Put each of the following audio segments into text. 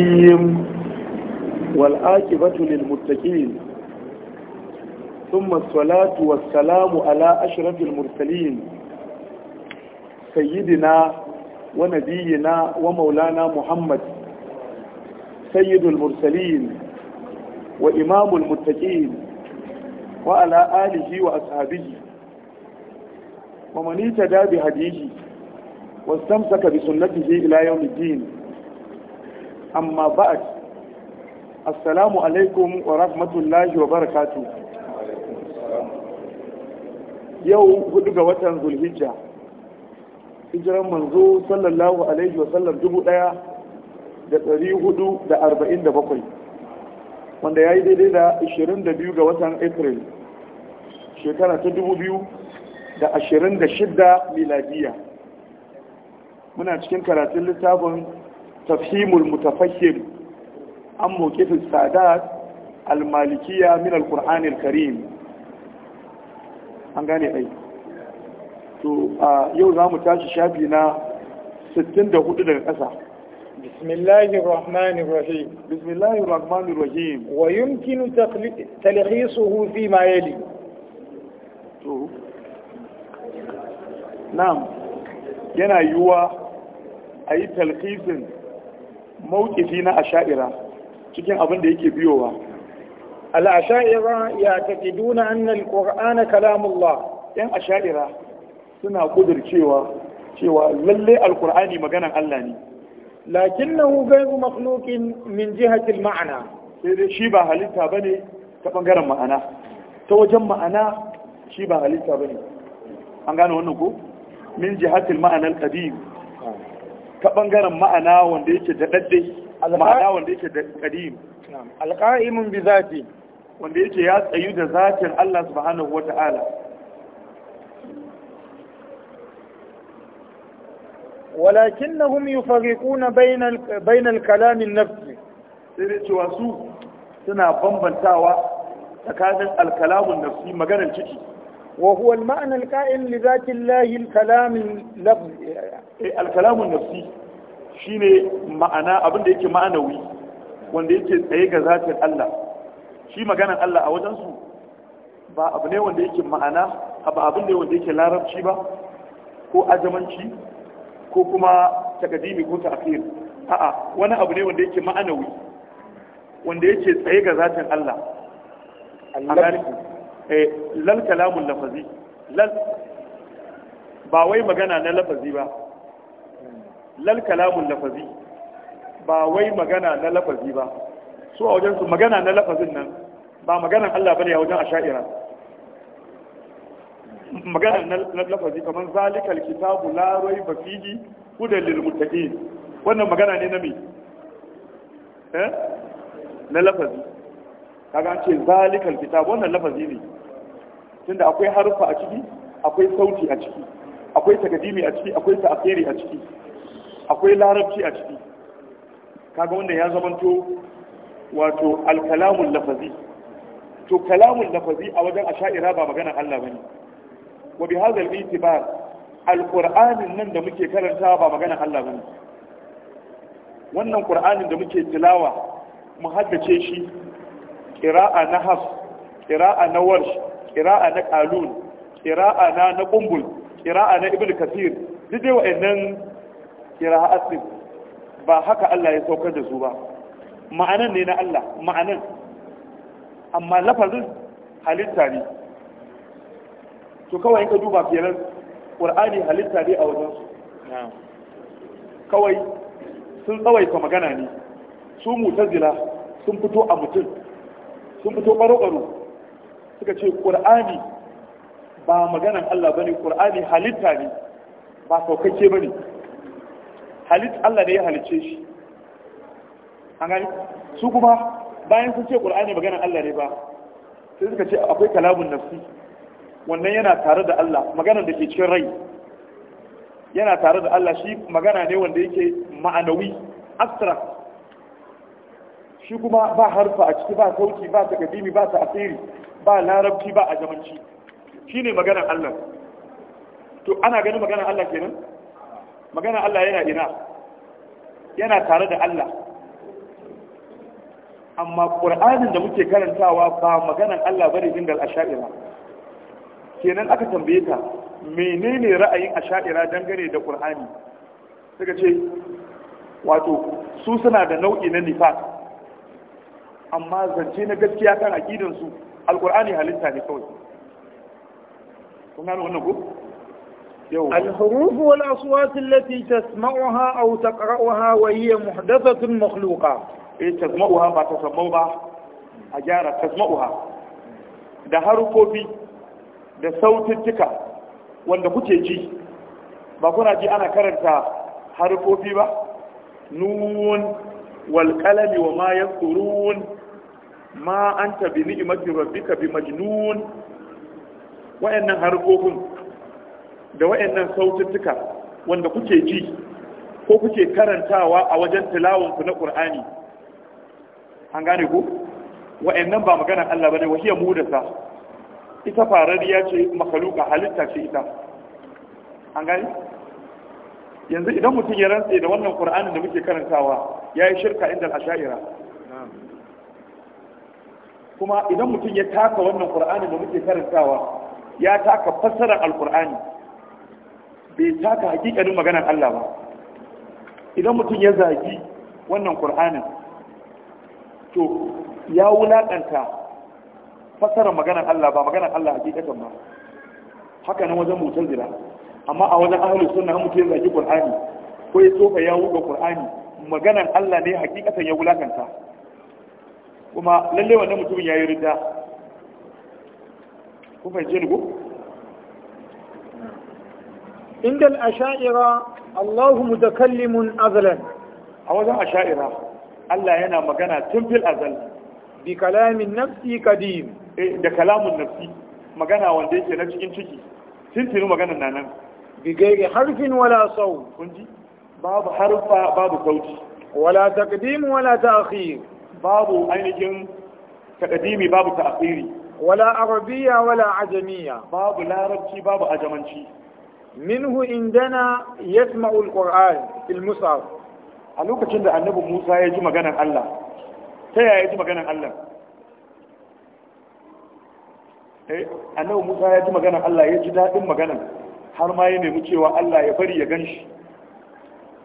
yin wal'akibatun ilmuttakin sun masalatu wasalamu ala ashirafin murtalin sayyidina nabiyina wa maulana muhammad sayyidul wa imamul muttakin wa ala wa ashabihi wa manita da bi hadiji wasu bi sunnatu ila yau amma ba'ad assalamu alaikum wa rahmatullahi wa barakatu yau hudu ga watan zulhijja hijiran manzo sallallahu alaihi wa sallam dubu daya da dari hudu da arba'in da bakwai wanda ya yi daidai da ashirin da biyu ga watan april shekara ta dubu biyu da ashirin da shidda miladiya muna cikin karatun littafin tafhimul mutafahim an mawqifin sadat al min al karim an gane ai to yau za mu tashi shafi na 64 daga ƙasa بسم الله الرحمن الرحيم بسم الله الرحمن الرحيم ويمكن تلخيصه فيما يلي نعم yana yiwuwa a yi mawukifi na asha'ira cikin abin da yake biyowa al'asha'ira ya tafi duna annal ƙor'ana kalamullah yan asha'ira suna ƙudur cewa lalle alƙur'ani maganan Allah ne lakin na hugairu makhlukin min jihatil ma'ana sai dai shi ba halitta ba ne ta ɓangaren ma'ana ta wajen ma'ana shi ba halitta ba ne an gane wannan ku? min jihatil ma'anar ƙadi Ka bangaren ma'ana wanda yake da ma'ana wanda yake da kadim alqa'imun bi zafi. wanda yake ya tsayu da zatin Allah subhanahu wata'ala walakinnahum yufarriquna bainal bainal kalam an-nafsi sai cewa su suna bambantawa tsakanin alkalamun nafsi maganar ciki وهو المعنى القائم لذات الله الكلام اللفظ الكلام النفسي shine ma'ana abin da yake ma'anawi wanda yake tsaye ga zatin Allah shi maganan Allah a wajen su ba abu ne wanda yake ma'ana ba abin ne wanda yake larabci ba ko ajamanci ko kuma takadimi ko ta'khir a'a wani abu ne wanda yake ma'anawi wanda yake tsaye ga zatin Allah Eh, lal kalamun lafazi lal ba wai magana na lafazi ba lal kalamun lafazi ba wai magana na lafazi ba su a wajen su magana na lafazin nan ba maganan Allah bane a wajen asha'ira magana na lafazi kamar zalikal kitabu la raiba fihi hudan lil muttaqin wannan magana ne na me eh na lafazi kaga an ce zalikal kitabu wannan lafazi ne tunda akwai harfa a ciki akwai sauti a ciki akwai takadimi a ciki akwai ta'asiri a ciki akwai larabci a ciki kaga wanda ya zamanto wato alkalamun lafazi to kalamun lafazi a wajen asha'ira ba magana Allah bane wa bi hadha al-itibar alqur'anin nan da muke karanta ba magana Allah bane wannan qur'anin da muke tilawa mu haddace shi qira'a nahas qira'a na warsh ƙira'a na kalun ƙira'a na na ƙumbul ƙira'a na ibn kasir duk dai wa'annan ƙira'a ba haka Allah ya saukar da su ba ma'anan ne na Allah ma'anan amma lafazin halitta ne to kawai in ka duba kenan qur'ani halitta ne a wajen su kawai sun tsawaita magana ne su mutazila sun fito a mutum sun fito baro-baro suka ce ƙur'ani ba maganan Allah bane ƙur'ani halitta ne ba ba ne halitta Allah ne ya halicce shi an gani su kuma bayan sun ce ƙur'ani maganan Allah ne ba sai suka ce akwai kalamun nafsi wannan yana tare da Allah maganan da ke cikin rai yana tare da Allah shi magana ne wanda yake ma'anawi abstract shi kuma ba harfa a ciki ba sauki ba takadimi ba ta asiri ba larabci ba a Shi ne maganar Allah to ana ganin maganar Allah kenan maganar Allah yana ina yana tare da Allah amma ƙur'anin da muke karantawa ba maganar Allah bane dingal asha'ira kenan aka tambaye ta menene ra'ayin asha'ira dangane da ƙur'ani suka ce wato su suna da nau'i na nifas amma zance na gaskiya kan aqidan su alqur'ani halitta ne kawai kun gano wannan ko الحروف والأصوات التي تسمعها أو تقرأها وهي محدثة مخلوقة إيه تسمعها ما تسمعها أجارة تسمعها ده هاروكوبي ده صوت التكا ba kuna ji ana جي أنا كرنت هاروكوبي با نون والقلم وما يذكرون ma an anta bi ni'mati rabbika bi majnun wayannan harkokin da wayannan saututtuka wanda kuke ji ko kuke karantawa a wajen ku na Qur'ani an gane ku wayannan ba magana Allah bane wahiya sa ita farariya ce makaluka halitta ce ita an gane yanzu idan mutum ya rantse da wannan qur'ani da muke karantawa yayi shirka inda al-ash'ira kuma idan mutum ya taka wannan qur'anin da muke karantawa ya taka fassarar alqur'ani bai taka hakikanin maganar Allah ba idan mutum ya zagi wannan qur'anin to ya wulakanta fassarar maganar Allah ba maganar Allah hakikatan ba haka nan wajen mutazila amma a wajen ahlus sunna mutum ya zagi qur'ani ko ya tsofa ya wuga qur'ani maganar Allah ne hakikatan ya wulakanta kuma lalle wannan mutumin ya yi ridda ku fahimce ni ko inda al-asha'ira Allahu mutakallimun azalan. a wajen asha'ira Allah yana magana tun fil azal bi kalamin nafsi kadim eh, da kalamun nafsi magana wanda yake na cikin ciki Tuntunin magana na nan bi gairi harfin wala sau kun ji babu harfa babu sauti wala taqdim wala ta'khir babu ainihin takadimi babu ta'asiri wala arabiya wala ajamiya babu larabci babu ajamanci minhu indana yasma'u alquran fil mus'haf a lokacin da annabi Musa ya ji maganar Allah ta yaya ya ji maganar Allah eh annabi Musa ya ji maganar Allah ya ji dadin maganar har ma ya nemi cewa Allah ya bari ya ganshi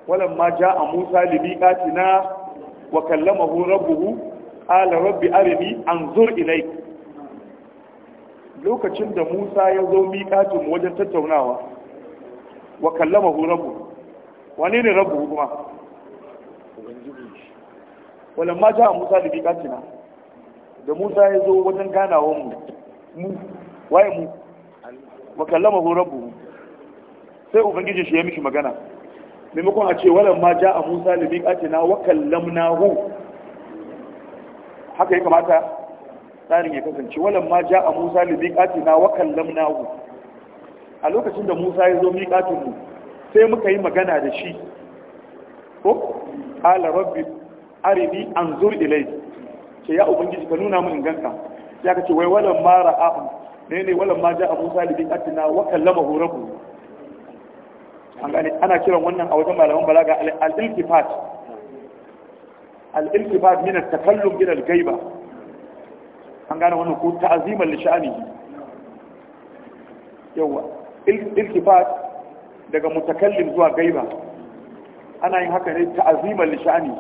walamma ja'a Musa libiqatina wa kallamahu rabbuhu qala rabbi arini anzur ilayk lokacin da Musa ya zo miƙatin wajen tattaunawa wa kallamahu rabbu wani ne rabbu kuma wala ma ja Musa da miƙatina da Musa ya zo wajen ganawar mu mu waye mu wa kallamahu rabbu sai ubangiji shi ya mishi magana maimakon a ce walan ma ja a musa na wakan lamna hu haka ya kamata tsarin ya kasance walan ma ja a musa na wakan lamna hu a lokacin da musa ya zo miƙatinmu sai muka yi magana da shi ko ala rabbi arini anzur ilai ce ya ubangiji ka nuna mun ganka ya ka ce wai walan ma ra'a ne ne walan ma ja a musa limin wakan wa hu rabbuhu ana kiran wannan a wajen malaman balaga al-iltifat al-iltifat min at-takallum ila al-ghaiba an gane wannan ko ta'ziman li sha'ani yawa iltifat daga mutakallim zuwa ghaiba ana yin haka ne ta'ziman li sha'ani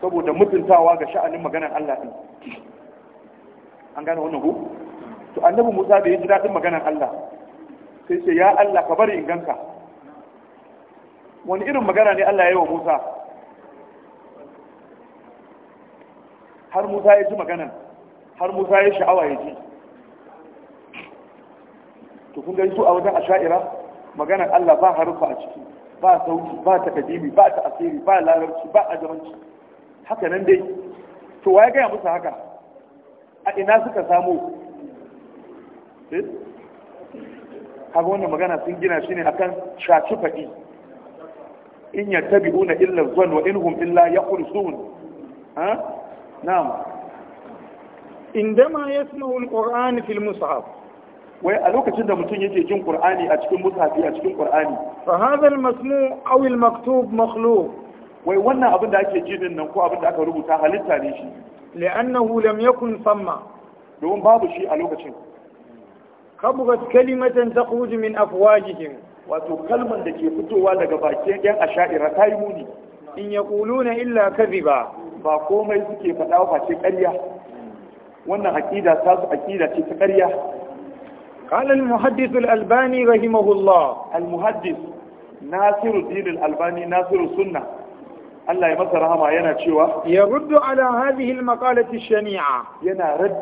saboda mutuntawa ga sha'anin maganar Allah din an gane wannan ko to annabi Musa da ya ji dadin maganar Allah sai ce ya Allah ka bari in ganka wani irin magana ne Allah ya yi wa Musa har Musa ya ji maganan har Musa ya sha'awa ya ji to kun gani su a wajen asha'ira maganar Allah ba harufa a ciki ba sauki ba takadimi ba ta asiri ba larabci ba ajamanci haka nan dai to waye gaya musu haka a ina suka samu eh? kaga wannan magana sun gina shi ne akan shaci faɗi in yattabi'una illa zuwan wa inhum illa yakhrusun ha na'am indama yasma'u alquran fil mushaf wai a lokacin da mutum yake jin ƙur'ani a cikin musafi a cikin qur'ani fa hadha almasmu' aw almaktub makhluq wai wannan abin da ake jin nan ko abin da aka rubuta halitta ne shi li'annahu lam yakun samma domin babu shi a lokacin kaburat kalimatan takhruju min afwajihim wato kalman da ke fitowa daga bakin yan asha'ira ta yi muni in yaquluna illa kadhiba ba komai suke faɗa ba ce ƙarya wannan aqida ta su aqida ce ta ƙarya قال المحدث الألباني رحمه الله المحدث ناصر الدين الألباني ناصر السنة الله يمسر هما ينا تشوى يرد على هذه المقالة الشنيعة ينا رد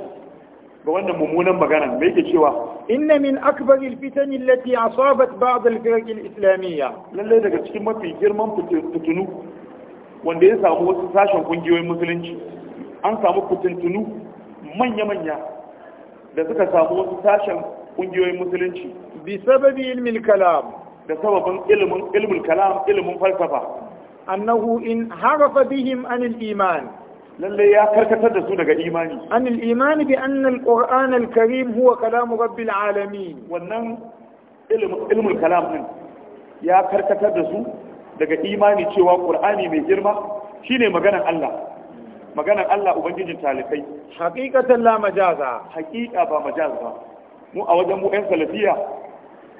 بوانا ممونا مغانا ميكي تشوى inna akbari akbaril fitan allati asabat ba'd al-firq islamiyya Lallai daga cikin mafi girman fitinu wanda ya samu wasu sashen kungiyoyin musulunci an samu fitintunu manya-manya da suka samu wasu sashen kungiyoyin musulunci bi sababi ilmin kalam da sababin ilimin kalam ilimin falsafa annahu in harafa bihim anil iman Lallai ya karkatar da su daga imani an al-iman bi anna al-qur'an al-karim huwa kalam rabbil alamin wannan ilmin kalam din ya karkatar da su daga imani cewa qur'ani mai girma shine maganar Allah maganar Allah ubangijin talikai haqiqatan la majaza haqiqa ba majaz ba mu a wajen mu ɗan salafiya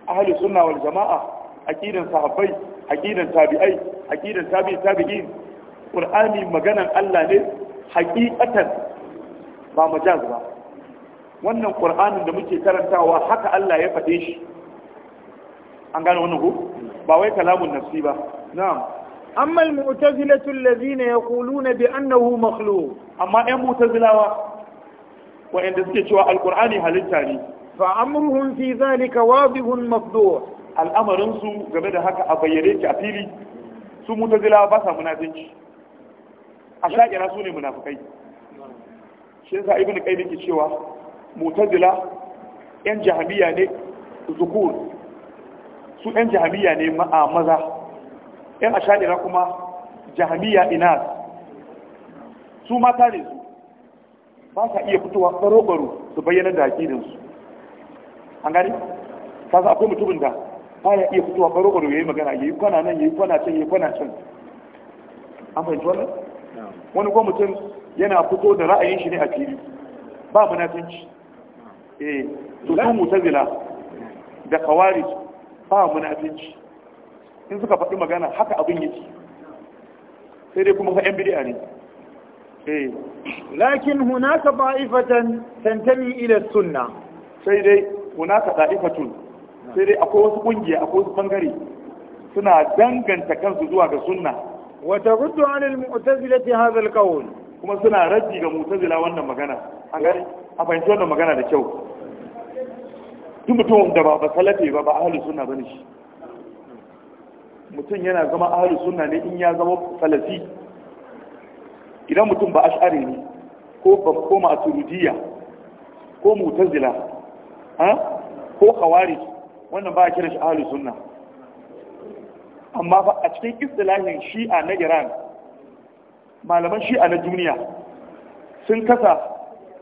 ahli sunna wal jama'a aqidan sahabbai aqidan tabi'ai aqidan tabi'i tabi'in qur'ani maganar Allah ne hakikatan ba majaz ba wannan qur'anin da muke karantawa haka Allah ya faɗe shi an gane wannan ko ba wai kalamun nafsi ba na'am amma al-mu'tazilatu alladhina yaquluna bi annahu makhluq amma ai mu'tazilawa wa inda suke cewa al-qur'ani halitta ne Ba amruhum za zalika wadihun mafdu' al-amrun su game da haka a bayyane ki a fili su mu ta ba sa munafinci asha'ira su ne munafukai shi yasa ibnu qayyim yake cewa mu'tazila yan jahamiya ne zukur su yan jahamiya ne a maza yan asha'ira kuma jahamiya inas su mata ne su ba sa iya fitowa ɓaro baro su bayyana da su an gani ta sa akwai mutumin da ba ya iya fitowa ɓaro baro ya yi magana ya yi kwana nan ya yi kwana can ya yi kwana can an fahimci wannan wani ko mutum yana fito da ra'ayin shi ne a fili ba munafinci eh to su mutazila da kawari ba munafinci in suka faɗi magana haka abin yake sai dai kuma ka yan bidi'a ne eh lakin hunaka ba'ifatan tantami ila sunna sai dai hunaka da'ifatun sai dai akwai wasu kungiya akwai wasu bangare suna danganta kansu zuwa ga sunna Wata وترد عن المعتزلة هذا القول kuma suna رجي ga mu'tazila wannan magana a fahimci wannan magana da kyau Tun mutum da ba ba salafi ba ba suna ba ne shi mutum yana zama ahlus suna ne in ya zama salafi idan mutum ba ash'ari ne ko ba koma a ma'aturidiyya ko mu'tazila ko khawarij wannan ba a kira shi ahlus suna. amma ba a cikin istilahin shi'a na iran malaman shi'a na duniya sun kasa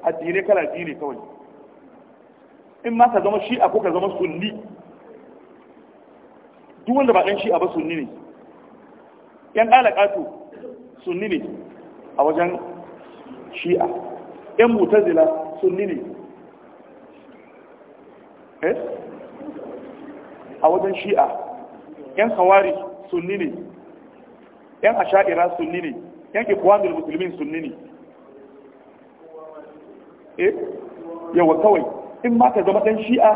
addinai kala biyu ne kawai in ma ka zama shi'a ko ka zama sunni duk wanda ba ɗan shi'a ba sunni ne yan alaƙatu sunni ne a wajen shi'a yan mutazila sunni ne eh? a wajen shi'a yan hawari sunni ne yan asha'ira sunni ne yan ikwanul musulmin sunni ne eh yawa kawai in ma ka zama dan shi'a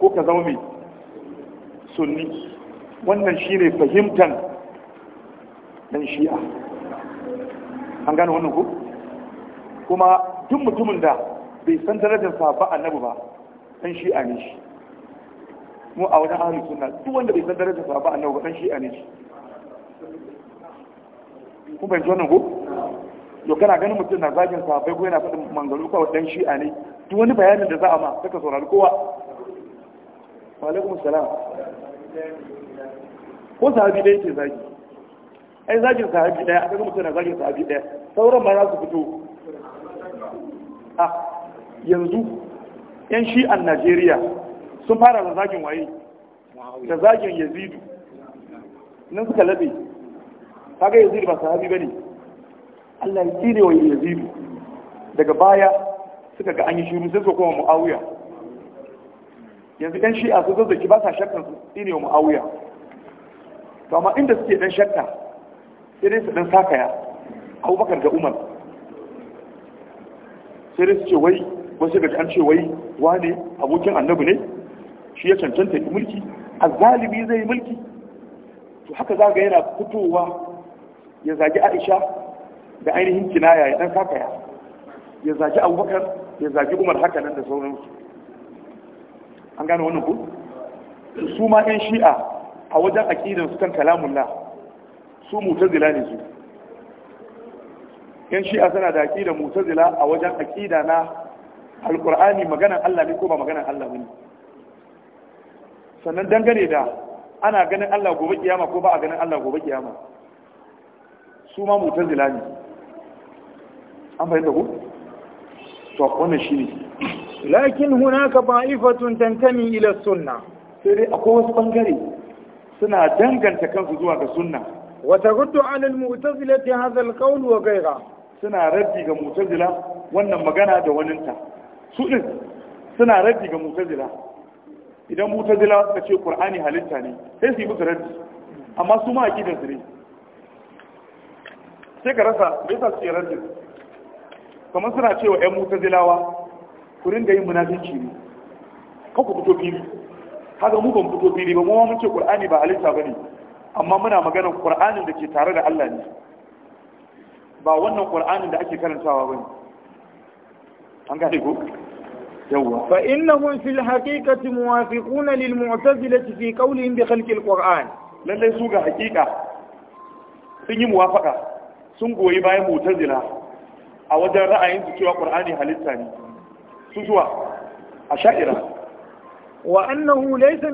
ko ka zama mai sunni wannan shi ne fahimtar dan shi'a an gane wannan ku kuma duk mutumin da bai san darajar sahaba annabi ba dan shi'a ne shi mu a wajen ahlus suna duk wanda bai san darajar sahaba annabi ba dan shi'a ne shi ku bai zo nan ko yau kana ganin mutum na zagin bai ko yana fadin mangalu kawai dan shi'a ne duk wani bayanin da za a ma saka saurari kowa wa alaikum salam ko sahabi ɗaya ke zagi ai zagin sahabi ɗaya aka ga mutum na zagin sahabi ɗaya sauran ma za su fito a ah, yanzu yan shi'an najeriya sun fara da zagin waye da zagin yazidu nan suka labe kaga yazidu ba sahabi bane Allah ya tsire wa yazidu daga baya suka ga an yi shiru sai su koma muawiya yanzu ɗan shi'a su zazzaki ba sa shakkan su tsire wa muawiya to amma inda suke dan shakka sai dai su dan sakaya abubakar da umar sai dai su ce wai wasu ga an ce wai wane abokin annabi ne shi ya cancanta ya mulki A zalibi zai yi mulki to haka za ga yana fitowa ya zagi aisha da ainihin kinaya ya dan sakaya ya zagi abubakar ya zagi umar haka nan da sauransu an gane wannan ku su ma yan shi'a a wajen aƙidan su kan kalamullah su mutazila ne su yan shi'a suna da aƙidan mutazila a wajen aƙida na alƙur'ani maganan allah ne ko ba maganan allah ne sannan dangane da ana ganin Allah gobe kiyama ko ba a ganin Allah gobe kiyama su ma zila ne an fahimta ku to wannan ne. lakin hunaka ba'ifatun tantami ila sunna sai dai akwai wasu bangare suna danganta kansu zuwa ga sunna wa taruddu ala al zila hadha al-qawl wa ghayra suna rabbi ga zila wannan magana da waninta su din suna rabbi ga zila. idan mutazila suka ce qur'ani halitta ne sai su yi musu raddi amma su ma aqidar su ne sai ka rasa me yasa su yi raddi kamar suna cewa ƴan mutazilawa ku ringa yin munafinci ne kan ku fito fili haka mu ban fito fili ba mu ma mun ce qur'ani ba halitta ne. amma muna maganar qur'anin da ke tare da Allah ne ba wannan qur'anin da ake karantawa ne. an gane ko yawwa fa innahum fil haqiqati muwafiquna lil mu'tazilati fi qawlihim bi khalqi al-qur'an lalle su ga haqiqa sun yi muwafaqa sun goyi bayan mu'tazila a wajen ra'ayin su cewa qur'ani halitta ne su zuwa a sha'ira wa annahu laysa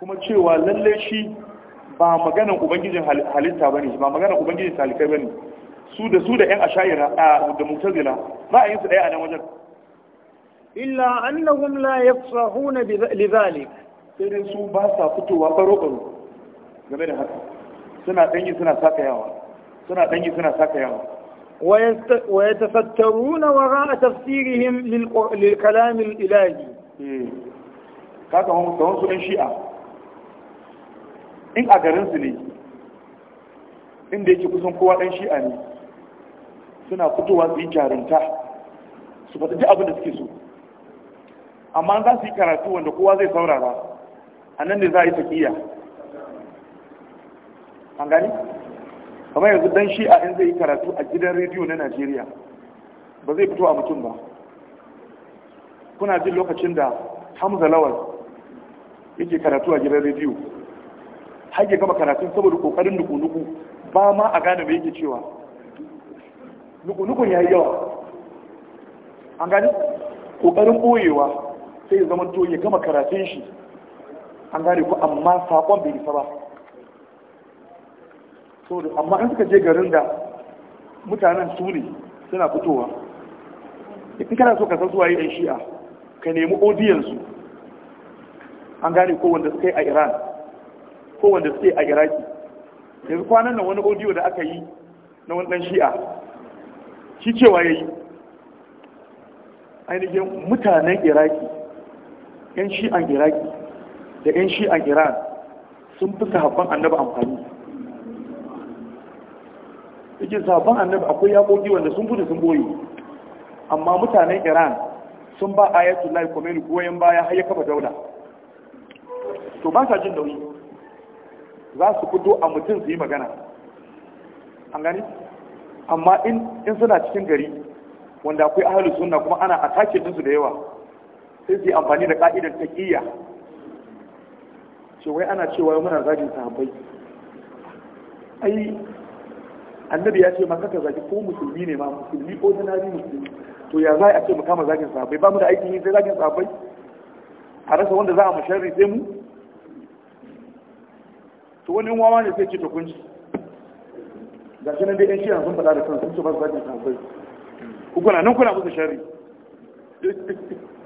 kuma cewa shi ba maganan ubangijin halitta ne, ba maganan ubangijin talikai bane su da su da yan ashayira da mutazila ra'ayin su daya a nan wajen illa annahum la yafrahuna lidhalik sai dai su ba sa fitowa baro baro game da haka suna danyi suna saka yawa suna danyi suna saka yawa wa yatafattaruna wara'a tafsirihim lil kalam al ilahi eh. kaga hon kawon su ɗan shi'a in a garin su ne inda yake kusan kowa ɗan shi'a ne suna fitowa su yi jarunta su faɗi abin da suke so amma za su yi karatu wanda kowa zai saurara a nan ne za a yi tafiya an gani kamar yanzu dan shi'a in zai yi karatu a gidan rediyo na najeriya ba zai fito a mutum ba kuna jin lokacin da hamza lawal yake karatu a gidan rediyo har gama karatun saboda kokarin nuku-nuku ba ma a gane mai yake cewa nuku-nukun ya yi yawa an gani ƙoƙarin ɓoyewa. sai zama to ya gama karatun shi an gane ku amma sakon bai isa ba amma an suka je garin da mutanen su ne suna fitowa in kana so ka san suwaye yan shi'a ka nemi odiyansu an gane ko wanda suka yi a iran ko wanda suka yi a iraki yanzu kwanan nan wani odiyo da aka yi na wani dan shi'a shi cewa ya yi ainihin mutanen iraki yan shi'an iraki da yan shi'an iran sun fi sahabban annabi amfani yake sahabban annabi akwai yaƙoƙi wanda sun gudu sun boye amma mutanen iran sun ba ayatullahi komeni goyon baya har ya kafa daula to ba sa jin dauri za su fito a mutum su yi magana an gani amma in suna cikin gari wanda akwai ahalus sunna kuma ana a take ɗinsu da yawa sai su yi amfani da ka'idar taqiyya ce wai ana cewa muna zagin sahabbai ai annabi ya ce ma kaka zagi ko musulmi ne ma musulmi ko zinari musulmi to ya za a ce mu kama zagin sahabbai ba mu da aikin yi sai zagin sahabbai a rasa wanda za a mu sai mu to wani wawa ne sai ce ta kunci ga shi nan dai yan shiyan sun faɗa da kansu sun ce ba su zagin sahabbai kuna nan kuna musu sharri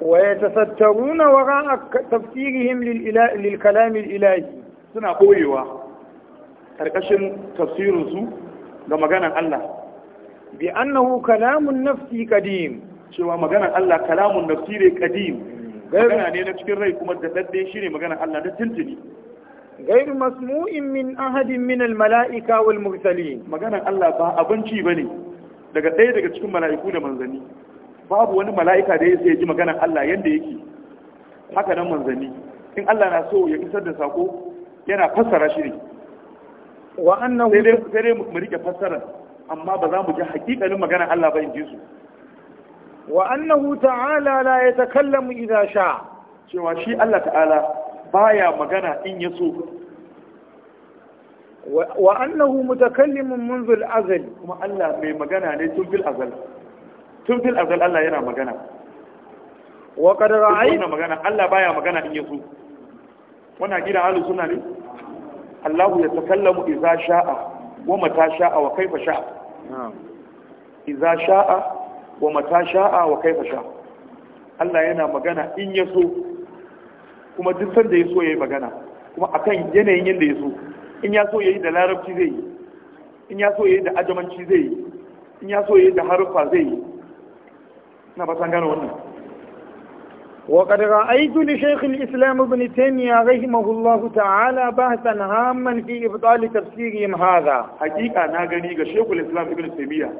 ويتسترون وراء تفسيرهم للكلام الإلهي suna koyewa karkashin tafsirinsu ga maganan Allah bi annahu kalamun nafsi qadim cewa maganan Allah kalamun nafsi ne qadim magana ne na cikin rai kuma da dadde shi ne maganan Allah da tuntuni غير مسموع من أحد من الملائكة والمرسلين مغانا الله با أبنشي بني daga ɗaya daga cikin mala'iku da manzani. babu wani mala'ika da ya ji magana Allah yadda yake haka nan manzanni in Allah na so ya isar da sako yana fassara shi ne wa annahu sai dai mu rike fassara, amma ba za mu ji hakikalin magana Allah ba in ji su wa annahu ta'ala la yatakallamu idza sha cewa shi Allah ta'ala baya magana in ya so wa annahu mutakallimun منذ azal kuma Allah mai magana ne tun fil azal tun fil azal Allah yana magana wa qad ra'aytu yana magana Allah baya magana in yaso wannan gidan ahlus sunna ne Allah ya takallamu idza sha'a wa mata sha'a wa kaifa sha'a idza sha'a wa mata sha'a wa kaifa sha'a Allah yana magana in yaso kuma duk sanda yaso yayi magana kuma akan yanayin yanda yaso in ya so yayi da larabci zai yi in ya so yayi da ajamanci zai yi in ya so yayi da haruffa zai yi ina ba san gane wannan وقد رأيت لشيخ الإسلام ابن تيمية رحمه الله تعالى بحثا هاما في إبطال تفسيرهم هذا حقيقة ناغني شيخ الإسلام ابن تيمية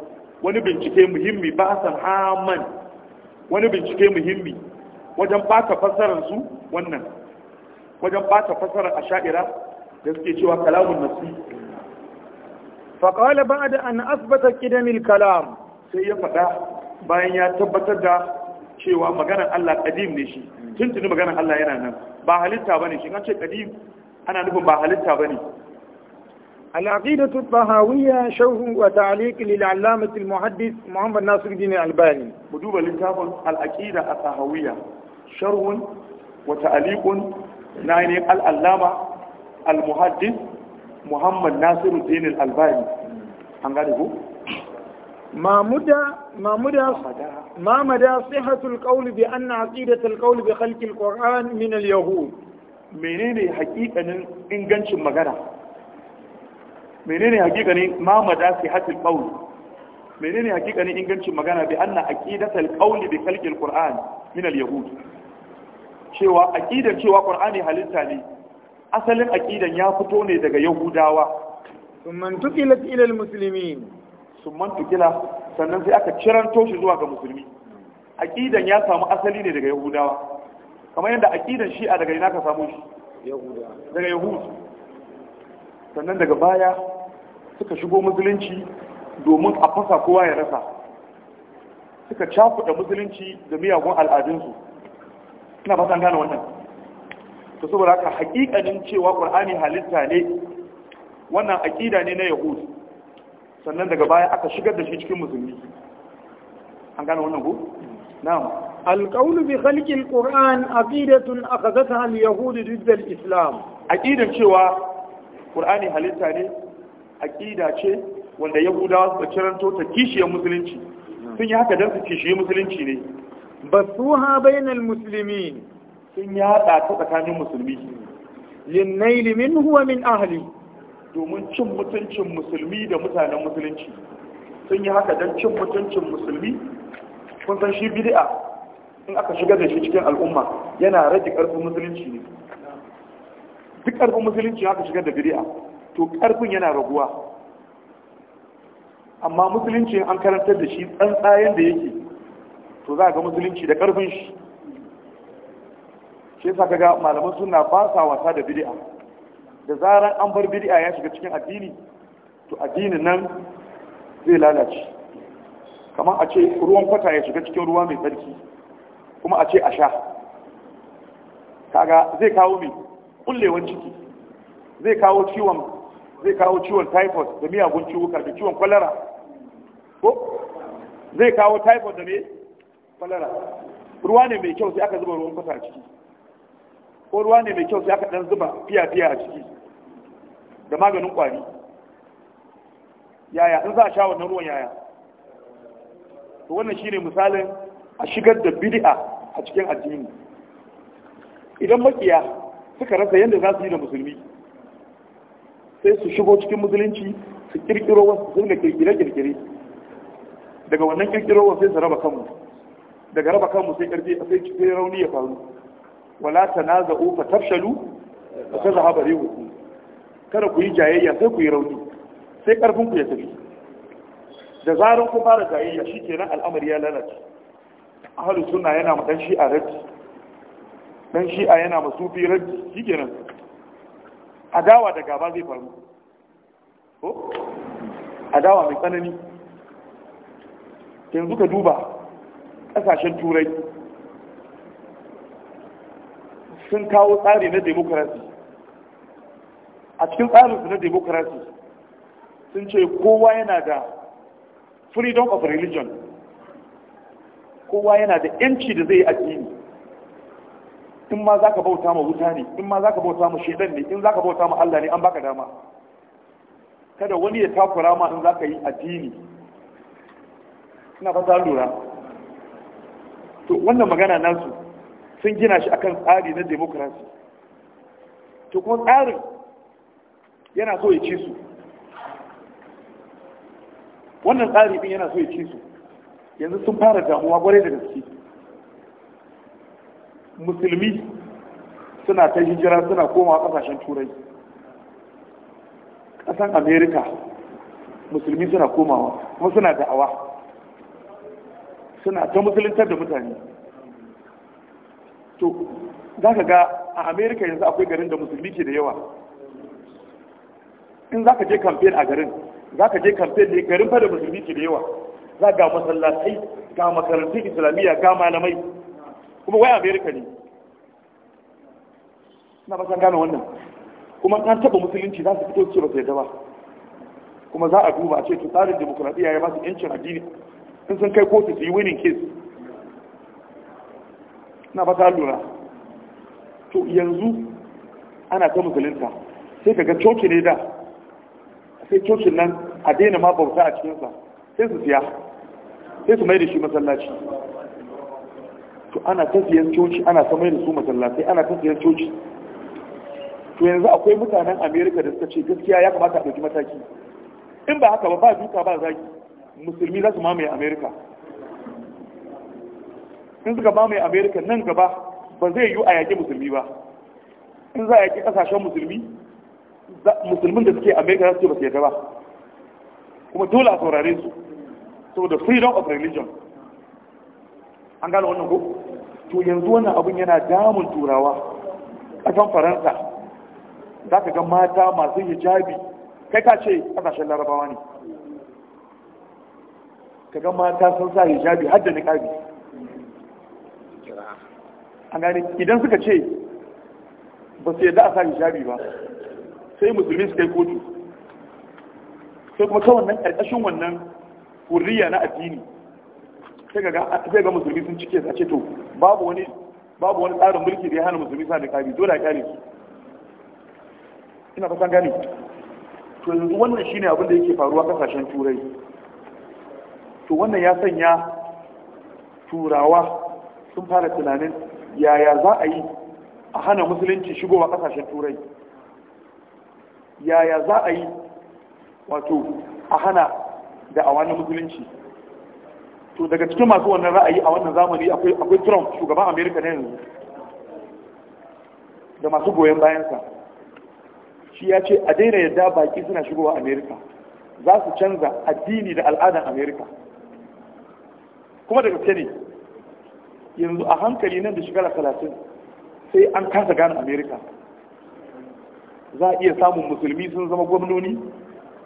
wani bincike muhimmi ba haman wani bincike muhimmi wajen bata fasarar su wannan wajen bata fasarar asha'ira da suke cewa kalamun nasi fa qala ba'da an asbata qidam kalam sai ya faɗa bayan ya tabbatar da cewa maganar Allah kadim ne shi tuntuni maganar Allah yana nan ba halitta bane shi kan ce kadim ana nufin ba halitta bane العقيدة الطهاوية شرح وتعليق للعلامة المحدث محمد ناصر الدين الألباني مدوبة لكتاب العقيدة الطهاوية شرح وتعليق ناين العلامة المحدث محمد ناصر الدين الألباني هنغالي ما مدى ما مدى ما مدى صحة القول بأن عقيدة القول بخلق القرآن من اليهود menene ingancin magana menene hakikanin ma menene ingancin magana bi anna aqidatul qawl bi khalqil qur'an min al yahud cewa aqidar cewa qur'ani halitta ne asalin aqidan ya fito ne daga yahudawa thumma tuqilat ila al muslimin musulman tukila sannan sai aka ciranto shi zuwa ga musulmi aqidan ya samu asali ne daga yahudawa kamar yadda aqidan shi'a daga ina ka samu shi daga yahud sannan daga baya suka shigo musulunci domin a fasa kowa ya rasa suka cakuɗa musulunci da miyagun al'adunsu ina ba san gane wannan to saboda haka haƙiƙanin cewa ƙur'ani halitta ne wannan aƙida ne na Yahudu. sannan daga baya aka shigar da shi cikin musulmi an gane wannan ku na'am aka bi khalqi alquran aqidatun akhadhatha alyahud ضد alislam aqidan cewa qur'ani halitta ne aqida ce wanda yahudawa suka ciranto ta kishiyar musulunci sun yi haka dan su kishiye musulunci ne basuha bainal muslimin sun yada ta tsakanin musulmi linnaili minhu wa min ahli domin cin mutuncin musulmi da mutanen musulunci sun yi haka don cin mutuncin musulmi kun san shi bid'a in aka shiga da shi cikin al'umma yana rage karfin musulunci ne duk karfin musulunci aka shigar da bid'a to karfin yana raguwa amma musulunci an karantar da shi tsantsayen da yake to za ga musulunci da karfin shi shi yasa kaga malaman suna ba sa wasa da bid'a da zarar an bar bid'a ya shiga cikin addini to addinin nan zai lalace kamar a ce ruwan kwata ya shiga cikin ruwa mai tsarki kuma a ce a sha kaga zai kawo mai kullewan ciki zai kawo ciwon zai kawo ciwon typhoid da miyagun ciwuka da ciwon kwalara ko zai kawo typhoid da mai kwalara ruwa ne mai kyau sai aka zuba ruwan kwata a ciki ko ruwa ne mai kyau sai aka dan zuba fiya-fiya a ciki da maganin kwari yaya in za a sha wannan ruwan yaya to wannan shine misalin a shigar da bid'a a cikin addini idan makiya suka rasa yadda za su yi da musulmi sai su shigo cikin musulunci su kirkiro wasu su dinga kirkire-kirkire daga wannan wasu sai su raba kanmu daga raba kanmu sai karfi sai rauni ya faru wala za'u ka tafshalu fa tazhaba rihukum kada ku yi jayayya sai ku yi rauni sai karfin ku ya tafi da zarar ku fara jayayya shi nan al'amari ya lalace ahalu suna yana ma dan shi'a raddi dan shi'a yana ma sufi raddi shi nan adawa da gaba zai faru ko adawa mai tsanani yanzu ka duba ƙasashen turai sun kawo tsari na demokarasi a cikin tsarinsu na demokrasi, sun ce kowa yana da freedom of religion kowa yana da yanci da zai yi addini in ma za ka bauta ma wuta ne in ma za ka bauta ma shaidan ne in za ka bauta ma Allah ne an baka dama kada wani ya takura ma in za ka yi addini ina fata lura to wannan magana nasu sun gina shi akan tsari na demokrasi to kuma tsarin yana so ya ci su wannan tsari yana so ya ci su yanzu sun fara damuwa gwarai da gaske musulmi suna ta hijira suna komawa kasashen turai ƙasan amerika musulmi suna komawa kuma suna da'awa suna ta musuluntar da mutane to za ka ga a amerika yanzu akwai garin da musulmi ke da yawa in za ka je kamfen a garin za ka je kamfen ne garin fa da musulmi ke da yawa za ga masallatai ga makarantun islamiyya ga malamai kuma wai amerika ne na basan gane wannan kuma an taba musulunci za su fito ce ba su yadda ba kuma za a duba a ce to tsarin demokuraɗiyya ya ba su yancin addini in sun kai kotu su yi winning case na fata lura to yanzu ana ta musulunta sai ka ga coci ne da sai cocin nan a daina ma bauta a cikinsa sai su siya sai su mai da shi masallaci to ana ta siyan coci ana ta mai da su masallaci ana ta siyan coci to yanzu akwai mutanen amerika da suka ce gaskiya ya kamata a ɗauki mataki in ba haka ba ba duka ba zaki musulmi za su mamaye amerika in suka mamaye amerika nan gaba ba zai yiwu a yaƙi musulmi ba in za a yaƙi ƙasashen musulmi musulmin da suke amerika za su ba su yarda ba kuma dole a saurare su the freedom of religion an gano wannan ko to yanzu wannan abun yana damun turawa kasan faransa za ka ga mata masu hijabi kai ka ce kasashen larabawa ne ka ga mata sun sa hijabi har da niƙabi an gane idan suka ce ba su yadda a sa hijabi ba sai musulmi su kai kotu sai kuma kawai nan ƙarƙashin wannan hurriya na addini sai ga musulmi sun cike sace to babu wani babu wani tsarin mulki da ya hana musulmi sa da kabi dole a kare su ina fasan gani to yanzu wannan shine abin da yake faruwa kasashen turai to wannan ya sanya turawa sun fara tunanin yaya za a yi a hana musulunci shigowa kasashen turai yaya za a yi wato a hana da a wani musulunci to daga cikin masu wannan ra'ayi a wannan zamani akwai trump shugaban amerika na yanzu da masu goyon bayansa shi ya ce a daina yadda baki suna shigowa amerika za su canza addini da al'adar amerika kuma daga gaske ne yanzu a hankali nan da shekara talatin sai an kasa gane amerika za a iya samun musulmi sun zama gwamnoni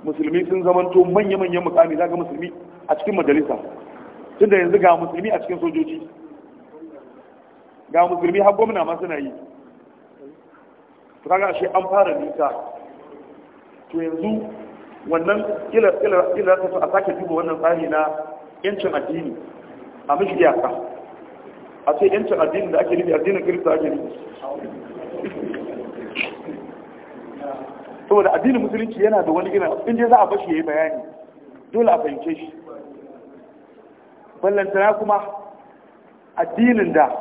musulmi sun zama to manya-manyan mukami za ga musulmi a cikin majalisa tunda yanzu ga musulmi a cikin sojoji ga musulmi har gwamna ma suna yi kaga ashe an fara nisa to yanzu wannan kila kila kila ta a sake duba wannan tsari na yancin addini a mashi iyaka a ce yancin addini da ake nufi addinin kirista ake nufi saboda addinin musulunci yana da wani irin in dai za a bashi yayi bayani dole a fahimce shi ballantana kuma addinin da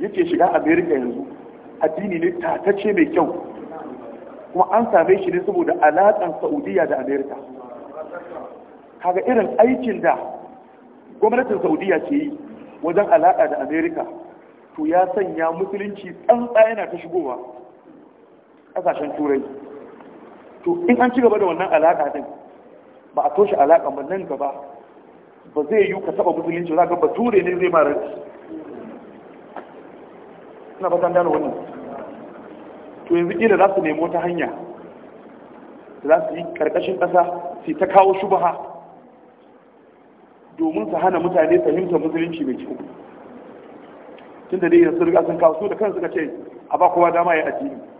yake shiga america yanzu addini ne tace mai kyau kuma an same shi ne saboda alaƙan saudiya da america kaga irin aikin da gwamnatin saudiya ke yi wajen alaƙa da america to ya sanya musulunci tsantsa yana ta shigowa ƙasashen turai to in an ci gaba da wannan alaƙa din ba a toshe alaƙa ba nan gaba ba zai yi ka taɓa musulunci za ka bature ne zai mara ci ina ba gano wannan to yanzu ƙila za su nemi wata hanya za su yi ƙarƙashin ƙasa su ta kawo shubaha domin su hana mutane fahimtar musulunci mai kyau tun da dai yanzu riga sun kawo su da kansu suka ce a ba kowa dama ya addini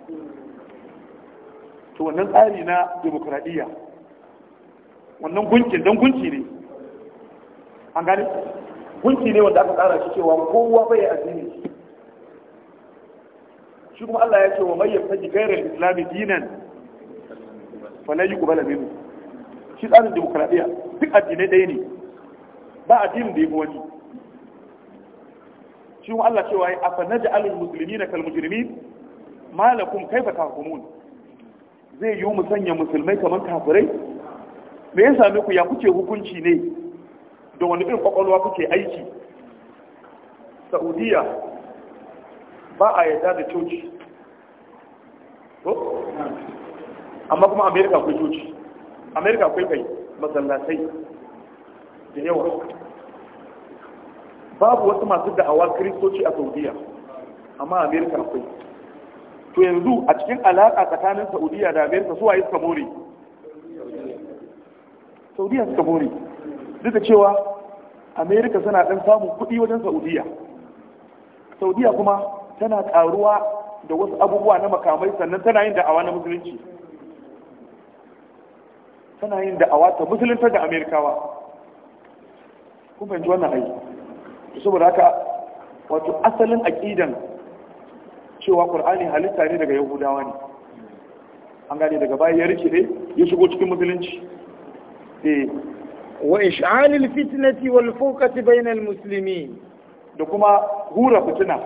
to wannan tsari na demokradiyya wannan gunki, don gunki ne an gane gunki ne wanda aka tsara shi cewa kowa bai addini shi kuma Allah ya ce wa mai ji gairar islami dinan falai yi kubala minu shi tsarin demokradiyya duk addinai ɗaya ne ba addinin da ya fi wani shi kuma Allah cewa ya afa naja alin musulmi na kalmujirmi malakum kaifa tahkumun zai yi mu sanya musulmai kamar kafirai me ya same ku ya kuke hukunci ne da wani irin kwakwalwa kuke aiki saudiya ba a yarda da coci amma kuma amerika akwai coci amerika akwai kai masallatai da yawa babu wasu masu da'awa kristoci a saudiya amma amerika akwai to yanzu a cikin alaƙa tsakanin saudiya da amerika suwa yi suka more saudiya suka more duk da cewa amerika suna ɗan samun kuɗi wajen saudiya saudiya kuma tana ƙaruwa da wasu abubuwa na makamai sannan tana yin da'awa na musulunci tana yin da'awa ta musulunta da amerikawa Kuma yanzu wannan aiki saboda haka wato asalin aƙidan cewa qur'ani halitta ne daga yahudawa ne an gane daga baya ya ne ya shigo cikin musulunci eh wa ish'alil fitnati wal fawqati bainal muslimin da kuma hura fitina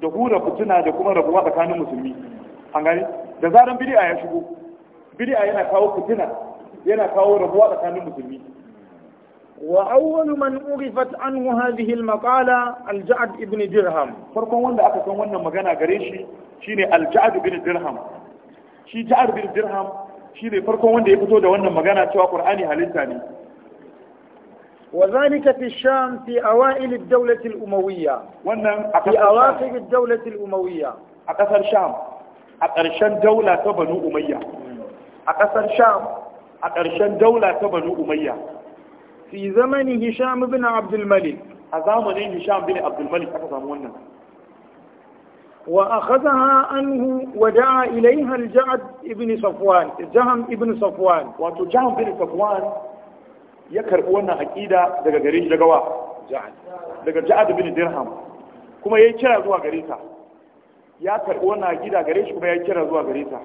da hura fitina da kuma rabuwa tsakanin musulmi an gane da zaran bid'a ya shigo bid'a yana kawo fitina yana kawo rabuwa tsakanin musulmi وأول من أُرِفَتْ عنه هذه المقالة الجعد بن درهم فرقون وانا أكثر وانا مغانا غريشي شيني الجعد بن درهم شي جعد بن درهم شيني فرقون وانا يفتو دا وانا مغانا شوى قرآني هالتاني وذلك في الشام في أوائل الدولة الأموية وانا أكثر في أواخر الدولة الأموية أكثر شام أكثر شام دولة بنو أمية أكثر شام أكثر شام دولة بنو أمية fi zamanin hisham bin abdul malik a zamanin hisham bin abdul malik aka samu wannan wa akhadha anhu wa da'a ilayha al-ja'd ibn safwan jaham ibn safwan wato jaham ibn safwan ya karbi wannan aqida daga gare shi daga wa ja'd daga ja'd bin dirham kuma yayi kira zuwa gare ta ya karbi wannan aqida gare shi kuma yayi kira zuwa gare ta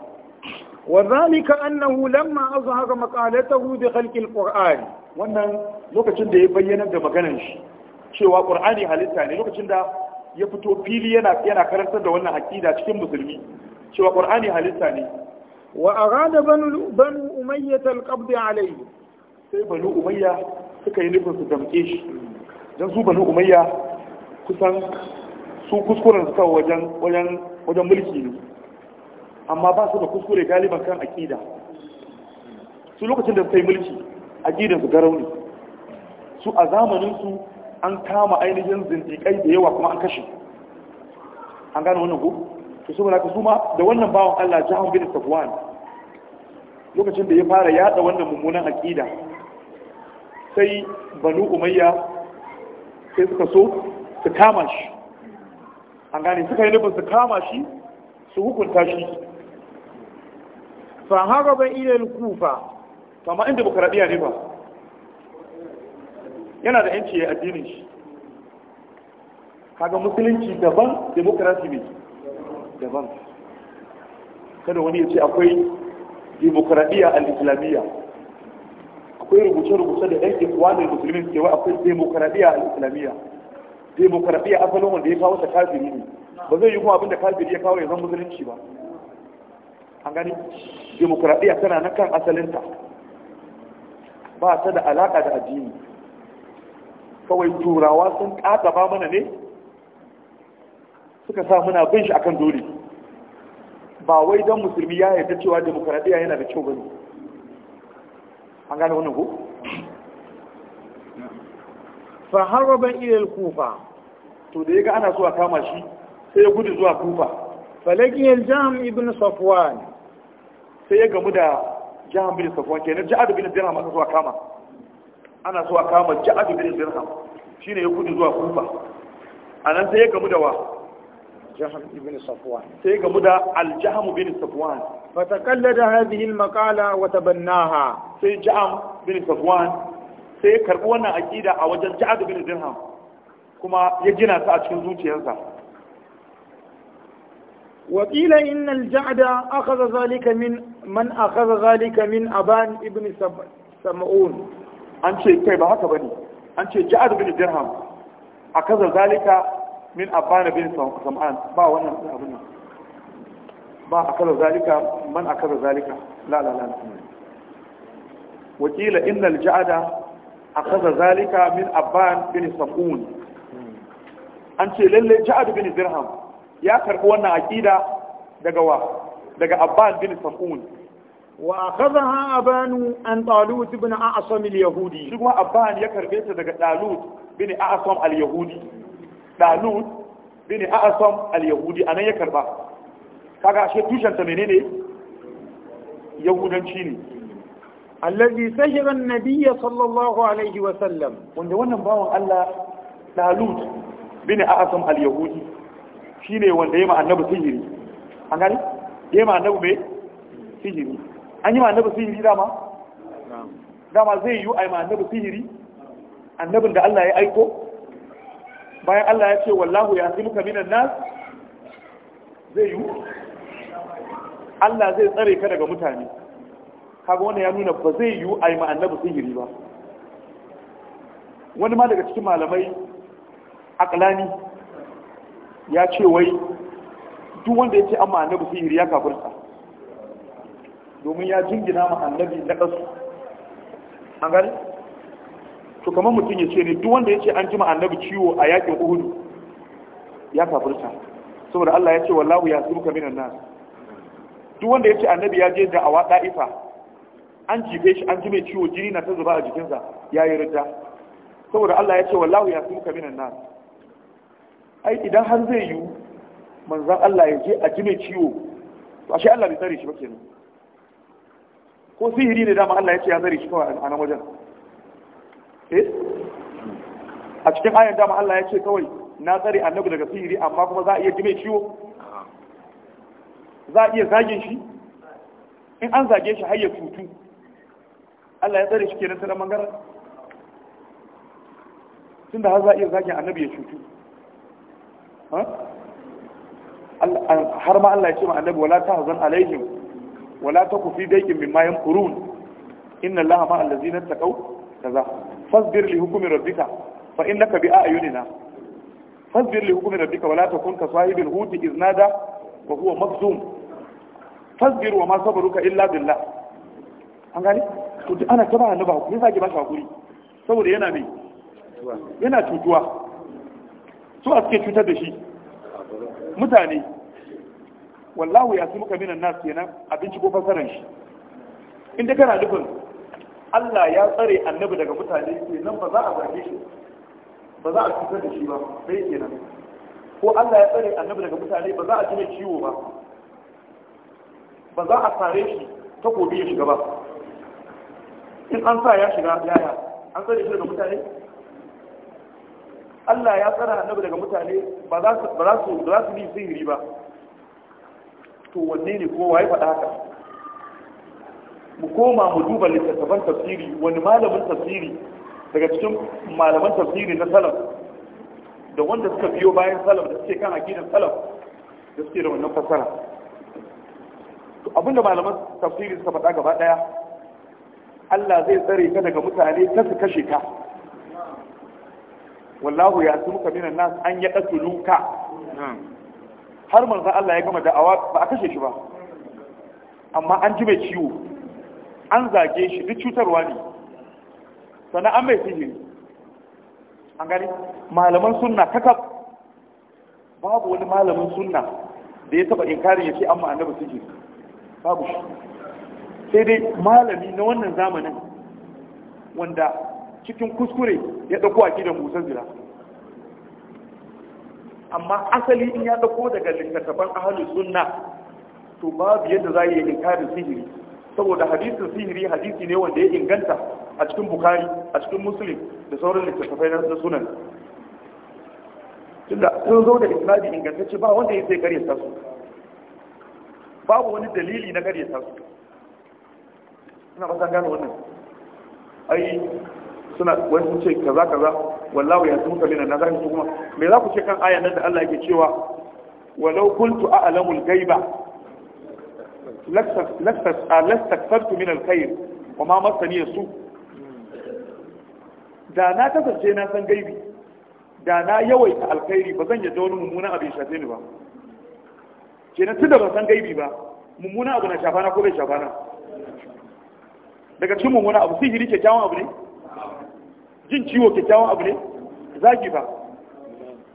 وذلك أنه لما أظهر مقالته بخلق القرآن wannan lokacin da ya bayyana da maganar shi cewa ƙur'ani halitta ne lokacin da ya fito fili yana yana karantar da wannan aqida cikin musulmi cewa ƙur'ani halitta ne wa arada banu banu umayyah alqabd alayhi sai banu umayya suka yi nufin su damke shi dan su banu umayya kusan su kuskuren su wajen wajen wajen mulki ne amma ba su da kuskure galiban kan aqida su lokacin da suka yi mulki aqidan su rauni su a zamanin an kama ainihin zintikai da yawa kuma an kashe an gane wannan ku to saboda ka suma da wannan bawan Allah Jahan bin Safwan lokacin da ya fara yada wannan mummunan akida sai Banu Umayya sai suka so su kama shi an gane suka yi nufin su kama shi su hukunta shi fa haraba ila al-kufa to amma inda bukaradiya ne ba yana da yanci ya addinin shi kaga musulunci daban demokrasi ne daban kada wani ya ce akwai demokradiyya al-islamiyya akwai rubuce-rubuce da yanke kuwa da musulmi cewa akwai demokradiyya al-islamiyya demokradiyya asalin wanda ya kawo ta kafiri ne ba zai yi kuma abin da kafiri ya kawo ya zan musulunci ba an gani demokradiyya tana na kan asalinta ba ta da alaka da addini kawai turawa sun ba mana ne suka sa muna bin shi a kan dole ba wai don musulmi ya yarda cewa demokaradiyya yana da kyau ne. an gane wannan ko fa haraban kufa to da ya ga ana so a kama shi sai ya gudu zuwa kufa falagiyar al-jam ibn safwan sai ya gamu da jihar birnin safuwan kenan ja'adu birnin dirham aka zuwa kama ana zuwa kama ja'adu birnin dirham shi ne ya kudu zuwa kufa a nan sai ya gamu da wa jihar birnin safuwa sai ya gamu da makala wata bannaha sai ja'am birnin safuwa sai ya karbi wannan akida a wajen ja'adu birnin dirham kuma ya gina ta a cikin zuciyarsa وقيل إن الجعد أخذ ذلك من من أخذ ذلك من أبان ابن سمعون أنت كيف هكا بني أنت جعد بن درهم أخذ ذلك من أبان ابن سمعان ما وانا أبنى ما أخذ ذلك من أخذ ذلك لا لا لا وقيل إن الجعد أخذ ذلك من أبان بن سمعون أنت للي جعد بن درهم ya karbi wannan aqida daga wa daga Abban bin Safun wa akhadha abanu an Talut ibn A'sam al-Yahudi shi kuma Abban ya karbe ta daga Talut bin A'sam al-Yahudi Talut bin A'sam al-Yahudi anan ya karba kaga shi tushen ta menene yahudanci ne allazi sahira an-nabiyya sallallahu alaihi wa sallam wanda wannan bawon Allah Talut bin A'sam al-Yahudi Shi ne wanda ya ma sihiri an gani ya ma annabi mai sihiri an yi ma sihiri dama dama zai yi ai ma annabi sihiri annabin da Allah ya aiko bayan Allah ya ce wallahu ya muka minan nan zai yi Allah zai tsare ka daga mutane kaga wanda ya nuna ba zai yi ai ma annabi sihiri ba wani ma daga cikin malamai akalani ya ce wai duk wanda ya ce amma annabi sihiri ya kafirta domin ya jingina ma annabi na ƙasu an gani to kamar mutum ya ce ne duk wanda ya ce an jima annabi ciwo a yakin uhudu ya kafirta saboda Allah ya ce wallahu ya zubuka minan nan duk wanda ya ce annabi ya je da awa ɗa'ifa an jife shi an ji mai ciwo jini na ta zuba a jikinsa ya yi rida saboda Allah ya ce wallahu ya zubuka minan nan ai idan har zai yiwu manzan Allah ya je a ji mai ciwo to ashe Allah bai tsare shi ba kenan ko sihiri ne dama Allah ya ce ya tsare shi kawai a nan wajen eh a cikin ayan dama Allah ya ce kawai na tsare annabi daga sihiri amma kuma za a iya ji mai ciwo za a iya zagin shi in an zage shi har ya cutu Allah ya tsare shi kenan sai mangara tunda har za a iya zagin annabi ya cutu Uh, har ma Allah ya ce ma annabi wala ta tahzan alaihim wala taku fi daykin mimma yamkurun inna Allah ma allazina taqaw kaza fasbir li hukmi rabbika fa innaka bi ayunina fasbir li hukmi rabbika wala takun ka sahibil huti iznada wa huwa mabzum fasbir wa ma sabruka illa billah an gani to ana taba annabi ku sai ki ba shi hakuri saboda yana mai yana tutuwa su a suke cutar da shi mutane wallahu ya su muka minan nasu kenan abinci ko fasaran shi inda kana nufin Allah ya tsare annabi daga mutane nan ba za a zarge shi ba za a cutar da shi ba sai kenan ko Allah ya tsare annabi daga mutane ba za a ji mai ciwo ba ba za a sare shi takobi ya shiga ba in an sa ya shiga yaya an tsare shi daga mutane Allah ya tsara annabi daga mutane ba za su ba za su yi sihiri ba to wanne ne ko waye faɗa haka mu koma mu duba littattafan tafsiri wani malamin tafsiri daga cikin malaman tafsiri na salaf da wanda suka biyo bayan salaf da suke kan aqidar salaf da suke da wannan fasara abinda malaman tafsiri suka faɗa gaba daya Allah zai tsare ka daga mutane ta su kashe ka wallahu ya su muka minan nas an ya qatuluka har manzo Allah ya gama da'awa ba a kashe shi ba amma an ji mai ciwo an zage shi duk cutarwa ne sannan an mai sihiri an gani malaman sunna kakaf babu wani malamin sunna da ya taba inkari ya ce amma annabi sihiri babu shi sai dai malami na wannan zamanin wanda cikin kuskure ya ɗauko a gidan zira amma asali in ya ɗauko daga littattafan ahalus sunna to babu yadda za yi inkarin sihiri saboda hadisin sihiri hadisi ne wanda ya inganta a cikin bukari a cikin musulun da sauran littattafai na sunan tunda sun zo da isnadi ingantacce ba wanda ya sai karyata su babu wani dalili na karyata su ina ba san gane wannan ai suna wani sun ce kaza kaza wallahu ya tuka lina na zaki kuma me za ku ce kan ayan nan da Allah yake cewa walau kuntu a'lamul ghaiba lastakfartu min alkhair wa ma masani su da na kasance na san gaibi da na yawaita alkhairi ba zan yadda wani mummunan abin shafe ni ba ke na tun da ban san gaibi ba mummunan abu na shafana ko bai shafana daga cikin mummunan abu sihiri kyakkyawan abu ne jin ciwo kyakkyawan abu ne zagi ba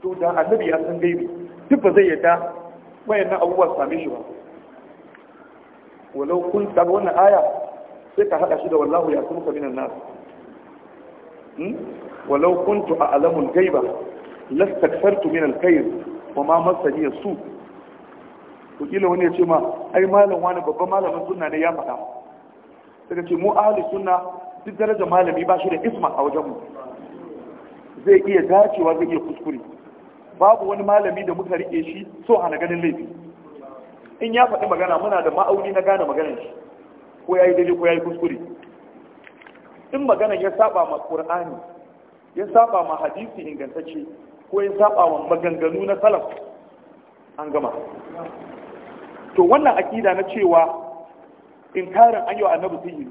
to da annabi ya san gaibi duk ba zai yadda wayannan abubuwa same shi ba walau kun saba wannan aya sai ka haɗa shi da wallahu ya ka minan nas hmm? walau kuntu a alamun gaiba lastakfartu min alkhair wa ma masani su to kila wani ya ce ma ai malam wani babban malamin sunna ne ya faɗa sai ka ce mu ahli sunna duk darajar malami ba shi da isma a wajenmu zai iya dacewa zai iya kuskure babu wani malami da muka rike shi so hana ganin laifi in ya faɗi magana muna da ma'auni na gane maganar shi ko ya yi daidai ko ya yi kuskure in maganar ya saba ma ƙur'ani ya saba ma hadisi ingantacce ko ya saba ma maganganu na salaf an gama to wannan akida na cewa inkarin an yi wa annabi sihiri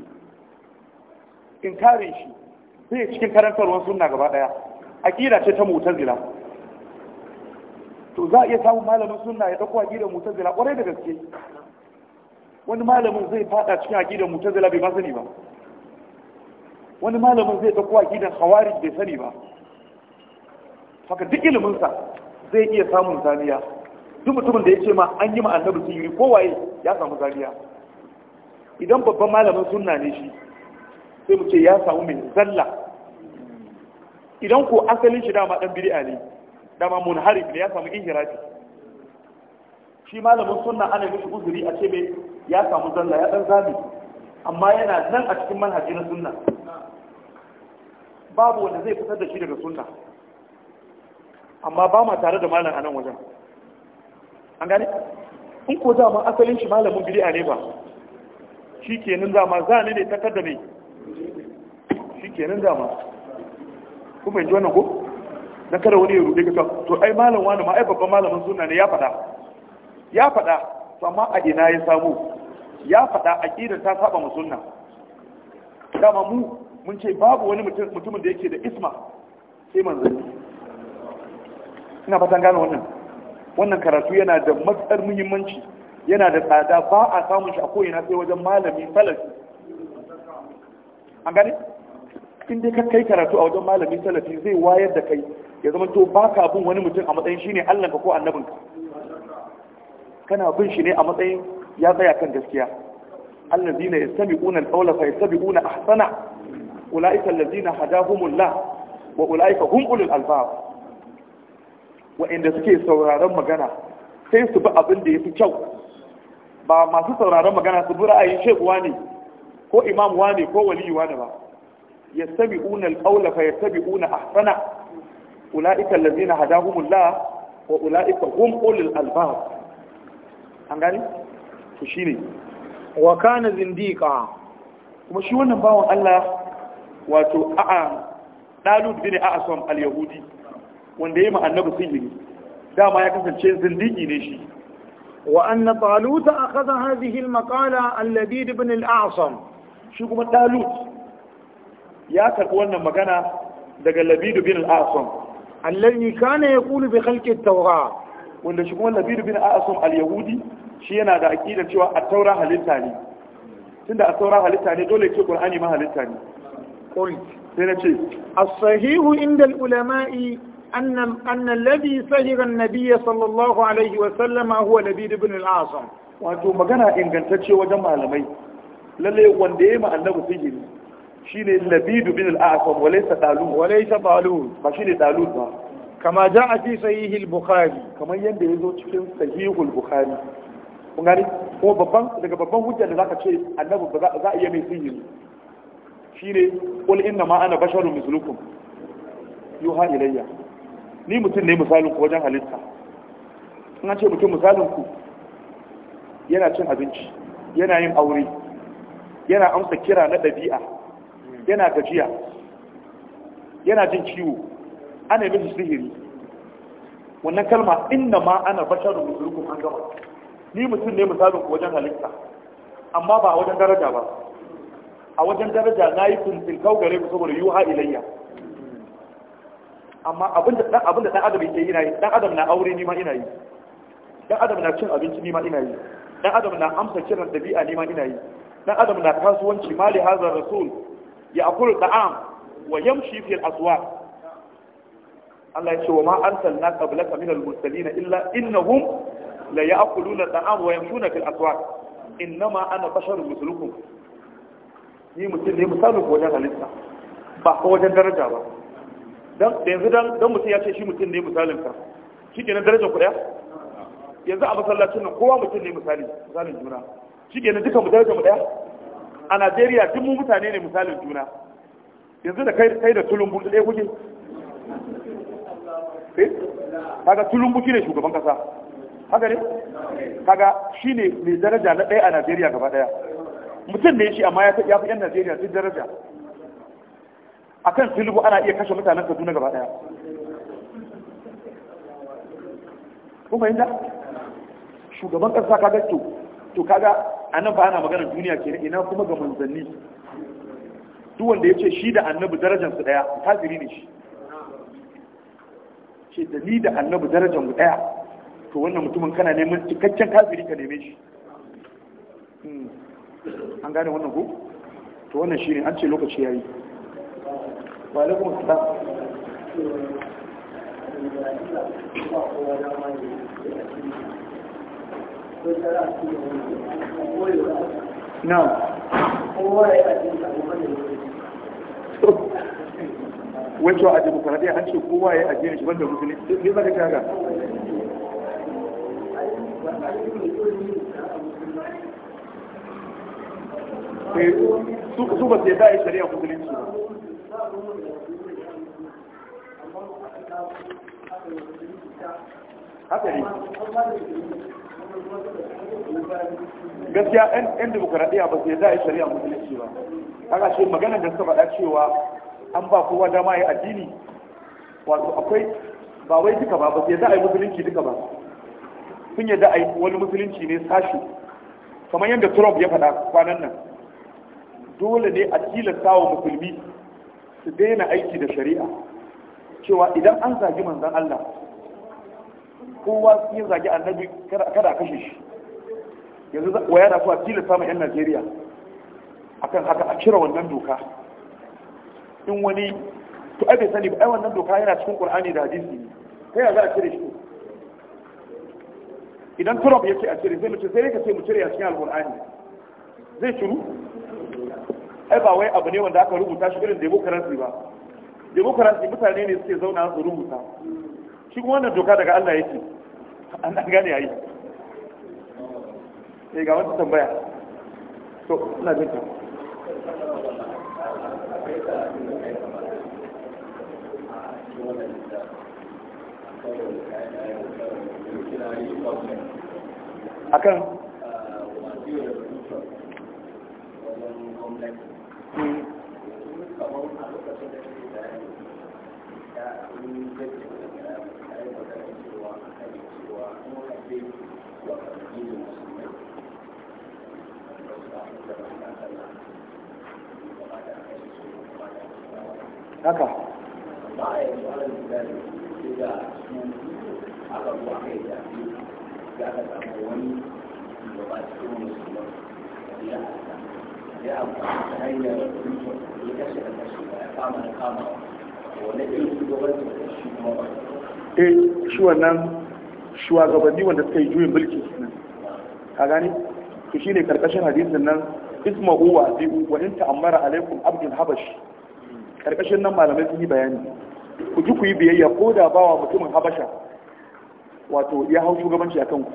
In kare shi sai cikin karantarwar sunna gaba daya aqida ce ta mu'tazila to za a iya samun malamin sunna ya dauko aqidar mu'tazila kwarai da gaske wani malamin zai fada cikin aqidar mu'tazila bai ba sani ba wani malamin zai dauko aqidar khawarij bai sani ba haka duk iliminsa zai iya samun zaniya duk mutumin da ya ce ma an yi ma annabi sihiri kowaye ya samu zaniya idan babban malamin sunna ne shi sai mu ce ya samu mai zalla idan ko asalin shi dama dan bid'a ne dama munharif ne ya samu inhirafi shi malamin sunna ana mishi uzuri a ce mai ya samu zalla ya dan zami amma yana nan a cikin manhaji na sunna babu wanda zai fitar da shi daga sunna amma ba ma tare da malam a nan wajen an gane in ko dama asalin shi malamin bid'a ne ba shi kenan dama zane ne takar da mai shi kenan dama ku fahimci wannan ko na kada wani ya rubuta ka to ai malam wani ma ai babban malamin suna ne ya faɗa ya faɗa to amma a ina ya samu ya faɗa aqida ta saba mu sunna dama mu mun ce babu wani mutumin da yake da isma sai manzanni ina fatan gane wannan wannan karatu yana da matsar muhimmanci yana da tsada ba a samun shi a ko'ina sai wajen malami falasi an gane in dai ka kai karatu a wajen malami salafi zai wayar da kai ya zama to ba ka bin wani mutum a matsayin shine allanka ko annabinka kana bin shi ne a matsayin ya tsaya kan gaskiya allazina sami al-qawla fa yastabi'una ahsana lazina, hada hadahumullah wa ulaika hum ulul albab wa inda suke sauraron magana sai su bi abin da ya fi kyau ba masu sauraron magana su bi ra'ayin shekuwa ne ko imam wane ko waliyu wane ba Ya yastabi'una al-qawla fa yastabi'una ahsana ulaika allazina hadahumullah wa ulaika hum ulul albab an gani to shine wa kana zindiqa kuma shi wannan bawon Allah wato a'a dalud bin a'sam al-yahudi wanda yayi annabi sihiri dama ya kasance zindigi ne shi wa anna talut akhadha hadhihi al-maqala al-ladid ibn al-a'sam shi kuma talut ya karɓi wannan magana daga labidu bin al'asam allazi kana yaqulu bi khalqi at-taura wanda shi kuma labidu bin al'asam al-yahudi shi yana da aqidar cewa a taura halitta ne tunda a taura halitta ne dole ce qur'ani ma halitta ne sai na ce as-sahihu inda al-ulama'i أن أن الذي سهر النبي صلى الله عليه وسلم هو لبيد بن العاصم wato magana ingantacce wajen malamai lalle wanda ya yi annabi sihiri ne labidu bin al wale wa laysa Wale wa laysa ba shi ne talun ba kama jaa fi sahih al-bukhari kamar yadda ya zo cikin sahih al-bukhari kun gani ko babban daga babban hujja da zaka ce annabi ba za a iya mai sihiri ne. qul inna ma ana basharun mislukum yuha ilayya ni mutum ne misalin ku wajen halitta in an ce mutum misalin ku yana cin abinci yana yin aure yana amsa kira na ɗabi'a yana gajiya yana jin ciwo ana yi mishi sihiri wannan kalma inna ma ana da musulukun an gama ni mutum ne misalin ku wajen halitta amma ba a wajen daraja ba a wajen daraja na yi kuntin gare ku saboda yi wa ilayya amma da ɗan adam yake yi na yi ɗan adam na aure ni ma ina yi ɗan adam na cin abinci ni ma ina yi ɗan adam na amsa kiran ɗabi'a ni ma ina yi dan adam na kasuwanci mali hazar rasul ya akulu da'am wa yamshi fil aswaq Allah ya ce wa ma arsalna qablaka min al-mursalin illa innahum la ya'kuluna da'am wa yamshuna fil aswaq innama ana basharun mithlukum ni mutum ne misalin wajen halitta ba ko wajen daraja ba dan yanzu dan dan mutum ya ce shi mutum ne misalin ka shi kenan darajar ku daya yanzu a masallacin nan kowa mutum ne misali misalin juna shi ke na duka mu daraja mu daya a najeriya duk mu mutane ne misalin juna yanzu da kai da tulumbu da ɗaya kuke eh? kaga tulumbu shi ne shugaban kasa haka ne kaga shi ne mai daraja na ɗaya a najeriya gaba ɗaya mutum ne shi amma ya fi yan najeriya duk daraja A kan tulubu ana iya kashe mutanen kaduna gaba ɗaya yin da shugaban ƙasa kaga to to kaga a nan ba ana magana duniya ke ina kuma ga manzanni duk wanda ya ce shi da annabi su ɗaya kafiri ne shi ce da ni da annabi darajar mu ɗaya to wannan mutumin kana neman cikakken kafiri ka neme shi hmm. an gane wannan ko to wannan shi ne an ce lokaci ya yi ba alaikum assalam Thank you. na'am wato a demokradiyya an ce kowa ya ajiye shi banda musulmi ne zaka ta ga eh, su ba sai shari'a musulunci haka ne gaskiya yan demokuraɗiyya ba su yadda a shari'a musulunci ba haka ce magana da suka faɗa cewa an ba kowa dama ya addini wato akwai ba wai duka ba ba su yadda a yi musulunci duka ba sun yadda a yi wani musulunci ne sashi kamar yadda trump ya faɗa kwanan nan dole ne a tilasta wa musulmi su daina aiki da shari'a cewa idan an zagi manzan allah kowa ya zagi annabi kada a kashe shi yanzu wa yana so a samun 'yan najeriya akan haka a cire wannan doka in wani to ai bai sani ba ai wannan doka yana cikin qur'ani da hadisi ne kai ya za a cire shi idan trump ya ce a cire sai mu ce sai ka ce mu cire a cikin alqur'ani zai ciru ai ba wai abu ne wanda aka rubuta shi irin democracy ba democracy mutane ne suke zauna su rubuta shi kuma wannan doka daga Allah yake an dan gane yayi eh ga wata tambaya to ina jin akan a hmm. haka eh shi wannan shugabanni wanda suka yi juyin mulki ka gani to shine karkashin hadisin nan isma huwa bi wa in ta'ammara alaikum abdul habashi karkashin nan malamai sun yi bayani ku ji ku yi biyayya ko da bawa mutumin habasha wato ya hau shugabanci a kanku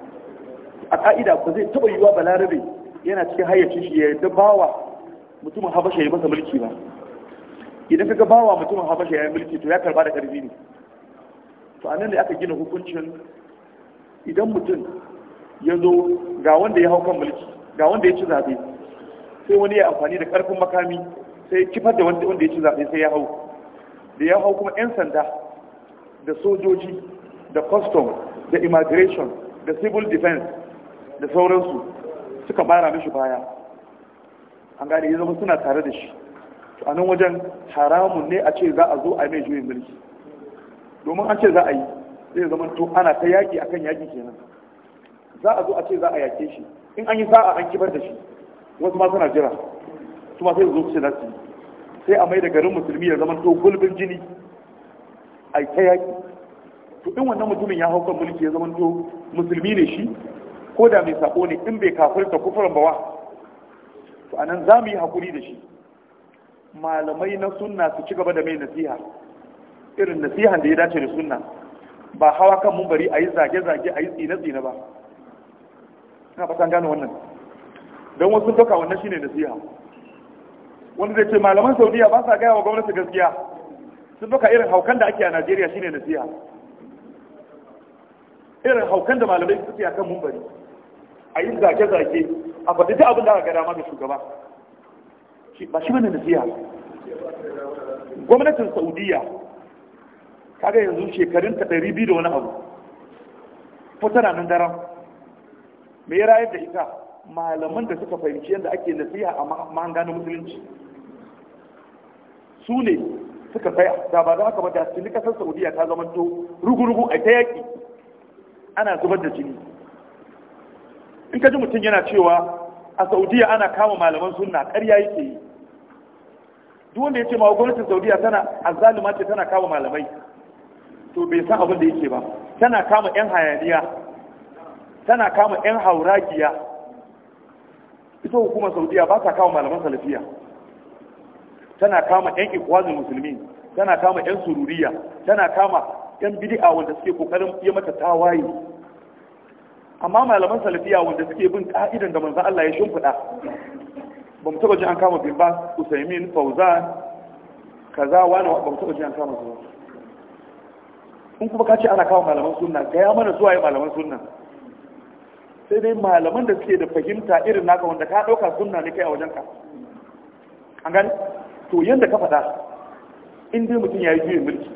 a ka'ida ba zai taba yiwa balarabe yana cikin hayyacin shi ya yadda bawa mutumin habasha ya masa mulki ba idan kaga bawa mutumin habasha ya yi mulki to ya karba da karfi ne to anan da aka gina hukuncin idan mutum ya zo ga wanda ya hau kan mulki ga wanda ya ci zaɓe sai wani ya amfani da ƙarfin makami sai kifar da wanda ya ci zaɓe sai ya hau da ya hau kuma 'yan sanda da sojoji da custom da immigration da civil defense da sauransu suka bara mishi baya an gane ya zama suna tare da shi a nan wajen haramun ne a ce za a zo a mai juyin mulki domin an ce za a yi zai zama to ana ta yaki akan yaki kenan za a zo a ce za a yake shi in an yi sa'a an kibar da shi wasu ma suna jira su ma sai zo su ce su sai a mai da garin musulmi ya zama to gulbin jini a ta yaki to in wannan mutumin ya hau kan mulki ya zama to musulmi ne shi ko da mai sako ne in bai kafirta kufurin bawa to anan za mu yi hakuri da shi malamai na sunna su ci gaba da mai nasiha irin nasihan da ya dace da sunna ba hawa kan mun bari a yi zage-zage a yi tsine-tsine ba ina fatan gane wannan don wasu doka wannan shine nasiha wanda zai ce malaman saudiya ba sa gaya wa gwamnati gaskiya sun doka irin haukan da ake a najeriya shine nasiha irin haukan da malamai su a kan mumbari a yi zage-zage a faɗi abin da aka gada ma da shugaba ba shi bane nasiha gwamnatin saudiya kaga yanzu shekarun ta ɗari biyu da wani abu ko tana nan daram me ya rayar da ita malaman da suka fahimci yadda ake nasiha a mahanga na musulunci su ne suka tsaya da ba za ka ba da cikin kasar saudiya ta zama to rugurugu a ta yaƙi ana zubar da jini in ka ji mutum yana cewa a saudiya ana kama malaman sunna ƙarya yake yi duk wanda ya ce ma gwamnatin saudiya tana azalima ce tana kama malamai to bai san abin da yake ba tana kama yan hayaniya tana kama yan hauragiya ita hukumar saudiya ba ta kama malaman salafiya tana kama yan ikwazin musulmi tana kama yan sururiya tana kama yan bidi'a wanda suke kokarin yi mata tawaye amma malaman salafiya wanda suke bin ka'idan da manzan Allah ya shimfiɗa ba mu taɓa jin an kama bin ba Usaimin Fauzan kaza wani ba mu taɓa jin an kama su in kuma ka ce ana kawo malaman sunna gaya mana zuwa yi malaman sunna sai dai malaman da suke da fahimta irin naka wanda ka ɗauka sunna ne kai a wajenka an gani to yadda ka faɗa in dai mutum ya yi juyin mulki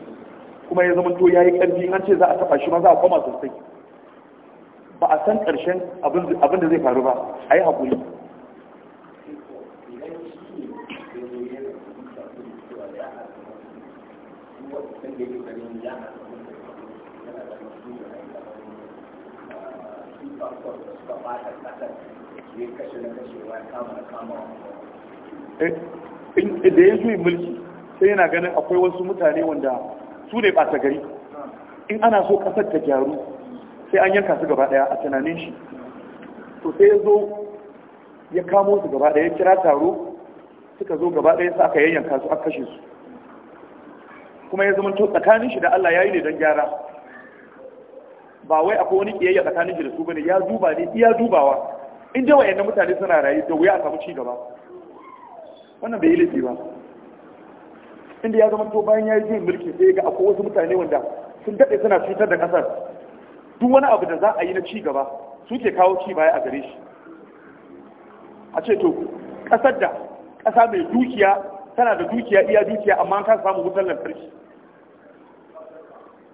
kuma ya zama to ya yi ƙarfi an ce za a taɓa shi ma za a koma sosai ba a san ƙarshen abin da zai faru ba a yi haƙuri Thank you. Eh, da ya juyi mulki sai yana ganin akwai wasu mutane wanda su ne ɓata gari in ana so ƙasar ta gyaru sai an yanka su gaba ɗaya a tunanin shi to sai ya zo ya kamo su gaba ɗaya kira taro suka zo gaba ɗaya sa aka yayyanka su aka kashe su kuma ya zama to tsakanin shi da Allah ya yi ne don gyara ba wai akwai wani kiyayya tsakanin shi da su bane ya duba ne iya dubawa in dai wayannan mutane suna rayu da wuya a samu ci gaba wannan bai yi laifi ba inda ya zama to bayan ya yi jin mulki sai ga akwai wasu mutane wanda sun daɗe suna cutar da ƙasar duk wani abu da za a yi na ci gaba ke kawo ci baya a gare shi a ce to ƙasar da ƙasa mai dukiya tana da dukiya iya dukiya amma an kan samu wutar lantarki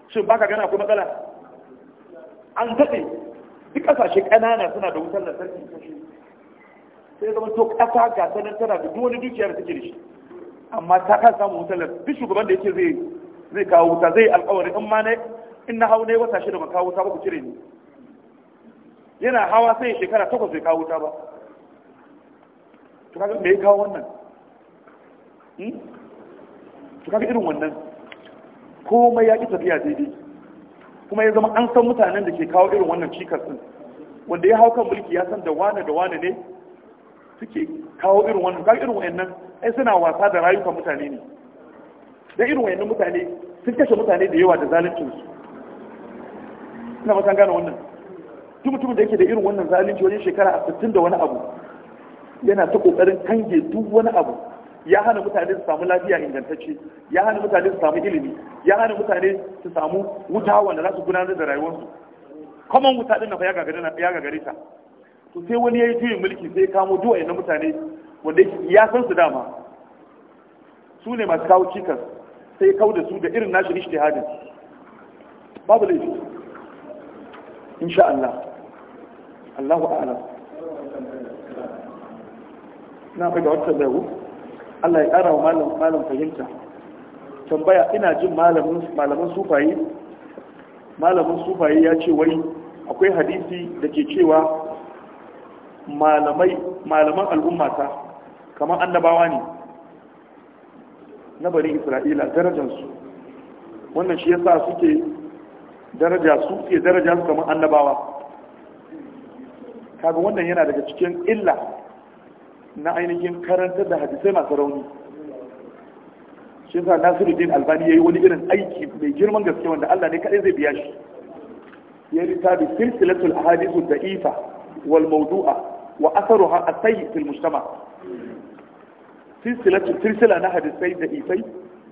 shin baka gana akwai matsala an daɗe duk ƙasashe ƙanana suna da wutar lantarki kashi sai zama to ƙasa ga sanar tana da wani dukiyar take da shi amma ta kan samu wutar lantarki duk shugaban da yake zai zai kawo wuta zai alƙawari in ma ne in na hau ne wata shida ba kawo wuta ba ku cire ni yana hawa sai shekara takwas bai kawo wuta ba to kaga me ya kawo wannan hmm? to kaga irin wannan komai ya ki tafiya daidai kuma ya zama an san mutanen da ke kawo irin wannan cikas din wanda ya hau kan mulki ya san da wane da wane ne suke kawo irin wannan Kawo irin wayannan ai suna wasa da rayukan mutane ne da irin wayannan mutane sun kashe mutane da yawa da zaluncin su ina ba san gane wannan duk mutumin da yake da irin wannan zalunci wajen shekara 60 da wani abu yana ta kokarin kange duk wani abu ya hana mutane su samu lafiya ingantacce ya hana mutane su samu ilimi ya hana mutane su samu wuta wanda za su gudanar da rayuwarsu kamar wuta din na ya gagare na ya gagare ta to sai wani yi juyin mulki sai kamo duwaye na mutane wanda ya san su dama su ne masu kawo cikas sai kau da su da irin nashi ijtihadin babu laifi insha Allah Allahu a'lam na ga wata zai Allah ya ƙara wa malam fahimta tambaya ina jin malamin malamin sufaye malamin sufayi ya ce wai akwai hadisi da ke cewa malamai malaman al'ummata kamar annabawa ne na bari isra'ila su. wannan shi yasa suke daraja su ke daraja su kamar annabawa kaga wannan yana daga cikin illa na ainihin karantar da hadisai masu rauni shi sa nasiruddin albani ya yi wani irin aiki mai girman gaske wanda allah ne kadai zai biya shi ya littafi silsilatul ahadisu da ifa wal mawdu'a wa asaruha asayyi fil mujtama silsilatul silsila na hadisai da ifai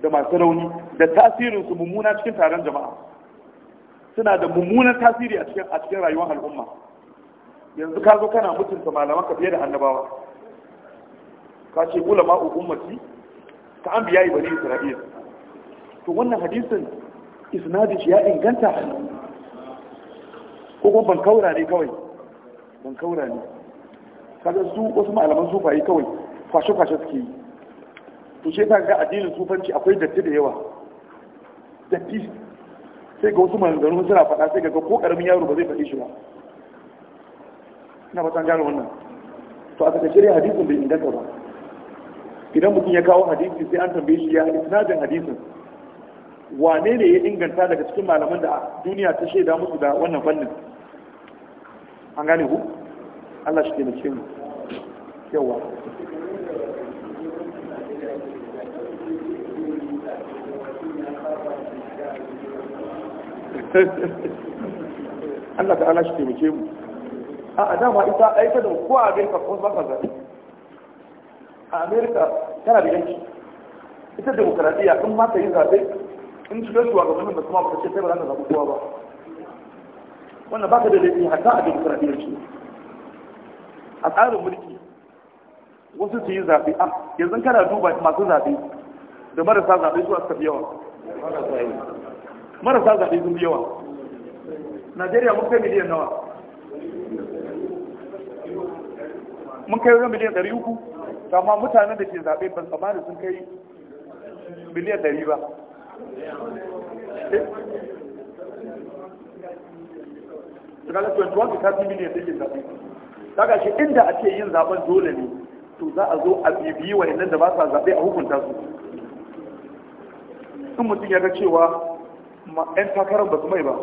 da masu rauni da tasirin su mummuna cikin taron jama'a suna da mummunan tasiri a cikin rayuwar al'umma yanzu ka zo kana mutunta malamanka fiye da annabawa ka ce ulama ummati ka an biya bani isra'il to wannan hadisin isnadin ya inganta ko kuma ban kaura ne kawai ban kaura ne kaga su wasu malaman sufaye kawai fashe-fashe suke yi to shi ta ga addinin sufanci akwai datti da yawa datti sai ga wasu manzannu suna faɗa sai ga ko ƙaramin yaro ba zai faɗi shi ba ina ba san gano wannan to a takaice dai hadisin bai inganta ba idan mutum ya kawo hadisi sai an tambaye shi ya isnadin hadisin wane ne ya inganta daga cikin malaman da duniya ta shaida musu da wannan fannin an gane ku Allah shi nake mu yawa Allah ta'ala shi nake mu a dama ita aika da kowa a gaisa kuma ba ka a amerika tana da yanki ita demokaradiyya in mata ta yi zaɓe in shiga shugabannin da kuma ba ta ce sai ba za ta zaɓi kowa ba wannan ba ka da laifin hatta a demokaradiyyar ce a tsarin mulki wasu su yi zaɓe a yanzu kana duba masu zaɓe da marasa zaɓe su a yawa marasa zaɓe sun yawa najeriya mun kai miliyan nawa mun kai miliyan ɗari uku amma mutanen da ke zaɓe ban tsammani sun kai miliyan ɗari ba tsakanin eh? 21 to 30 miliyan da ke zaɓe daga shi inda a ce yin zaɓen dole ne to za a zo a bibiyi wa da ba sa zaɓe a hukunta su Sun mutum ya ga cewa ma 'yan takarar ba su mai ba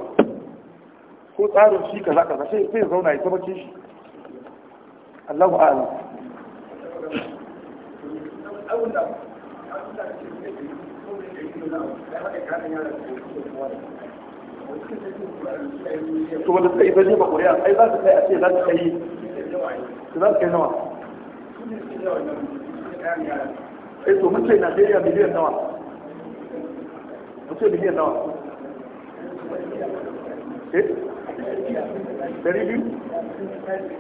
ko tsarin shi kaza kaza sai zauna ya tabbacin shi Allahu a'lam to wanda suka yi ta jefa kuri'a ai za su kai a ce za su kai za su kai nawa ai eh, to mun ce najeriya miliyan nawa mun ce miliyan nawa eh dari biyu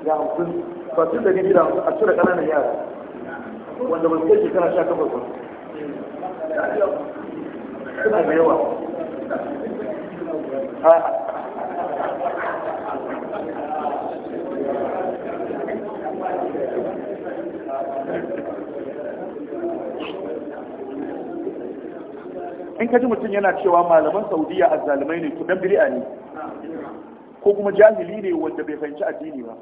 da hamsin ba su da hamsin a cire ƙananan yara wanda ba kai shekara sha takwas ba suna da yawa in kaji mutum yana cewa malaman saudiya a zalimai ne to dan biri'a ne ko kuma jahili ne wanda bai fahimci addini ba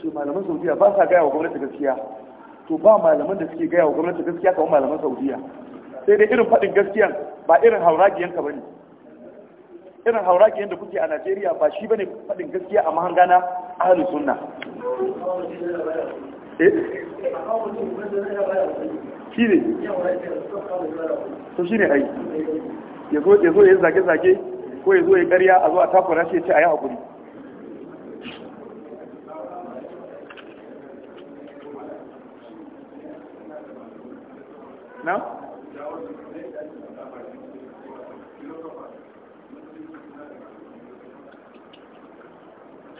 ce malaman saudiya ba sa gaya wa gwamnati gaskiya to ba malaman da suke gaya wa gwamnati gaskiya kamar malaman saudiya sai dai irin faɗin gaskiyan ba irin hauragiyan ka bane irin hauragiyan da kuke a najeriya ba shi bane faɗin gaskiya a mahangana a sunna eh? shi ne shi ne ai ya zo ya zage-zage ko ya zo ya karya a zo a takwara shi ya ce a yi haƙuri na?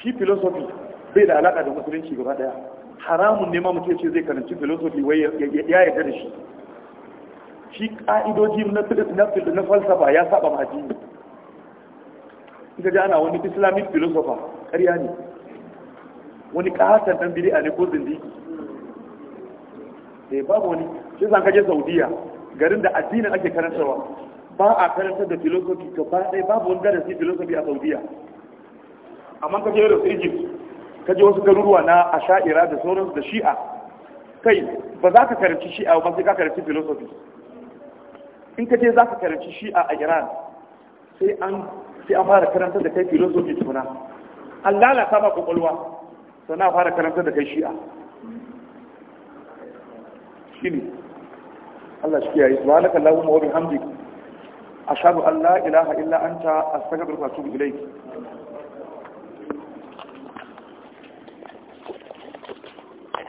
shi filosofi bai da alaƙa da musulunci gaba ɗaya haramun ne ma mutum ce zai karanci filosofi wai ya yarda da shi shi ƙa'idoji na falsafa ya saba ma addini ita ji ana wani islamic philosopher ƙarya ne wani ƙasar ɗan biri a ne ko zindiki da eh, babu wani shi zan kaje saudiya garin da addinin ake karantarwa ba a karantar da filosofi to ba dai babu wani darasi filosofi a saudiya amma kaje yau da egypt kaje wasu garuruwa na asha'ira da sauransu da shi'a kai ba za ka karanci shi'a ba sai ka karanci filosofi in kaje za ka karanci shi'a a iran sai an sai an fara karantar da kai filosofi tuna. an lalata ba kwakwalwa sannan a fara karantar da kai shi'a miskini Allah shi kiyaye subhanaka allahumma wa bihamdika an ilaha illa anta a wa atubu ilayk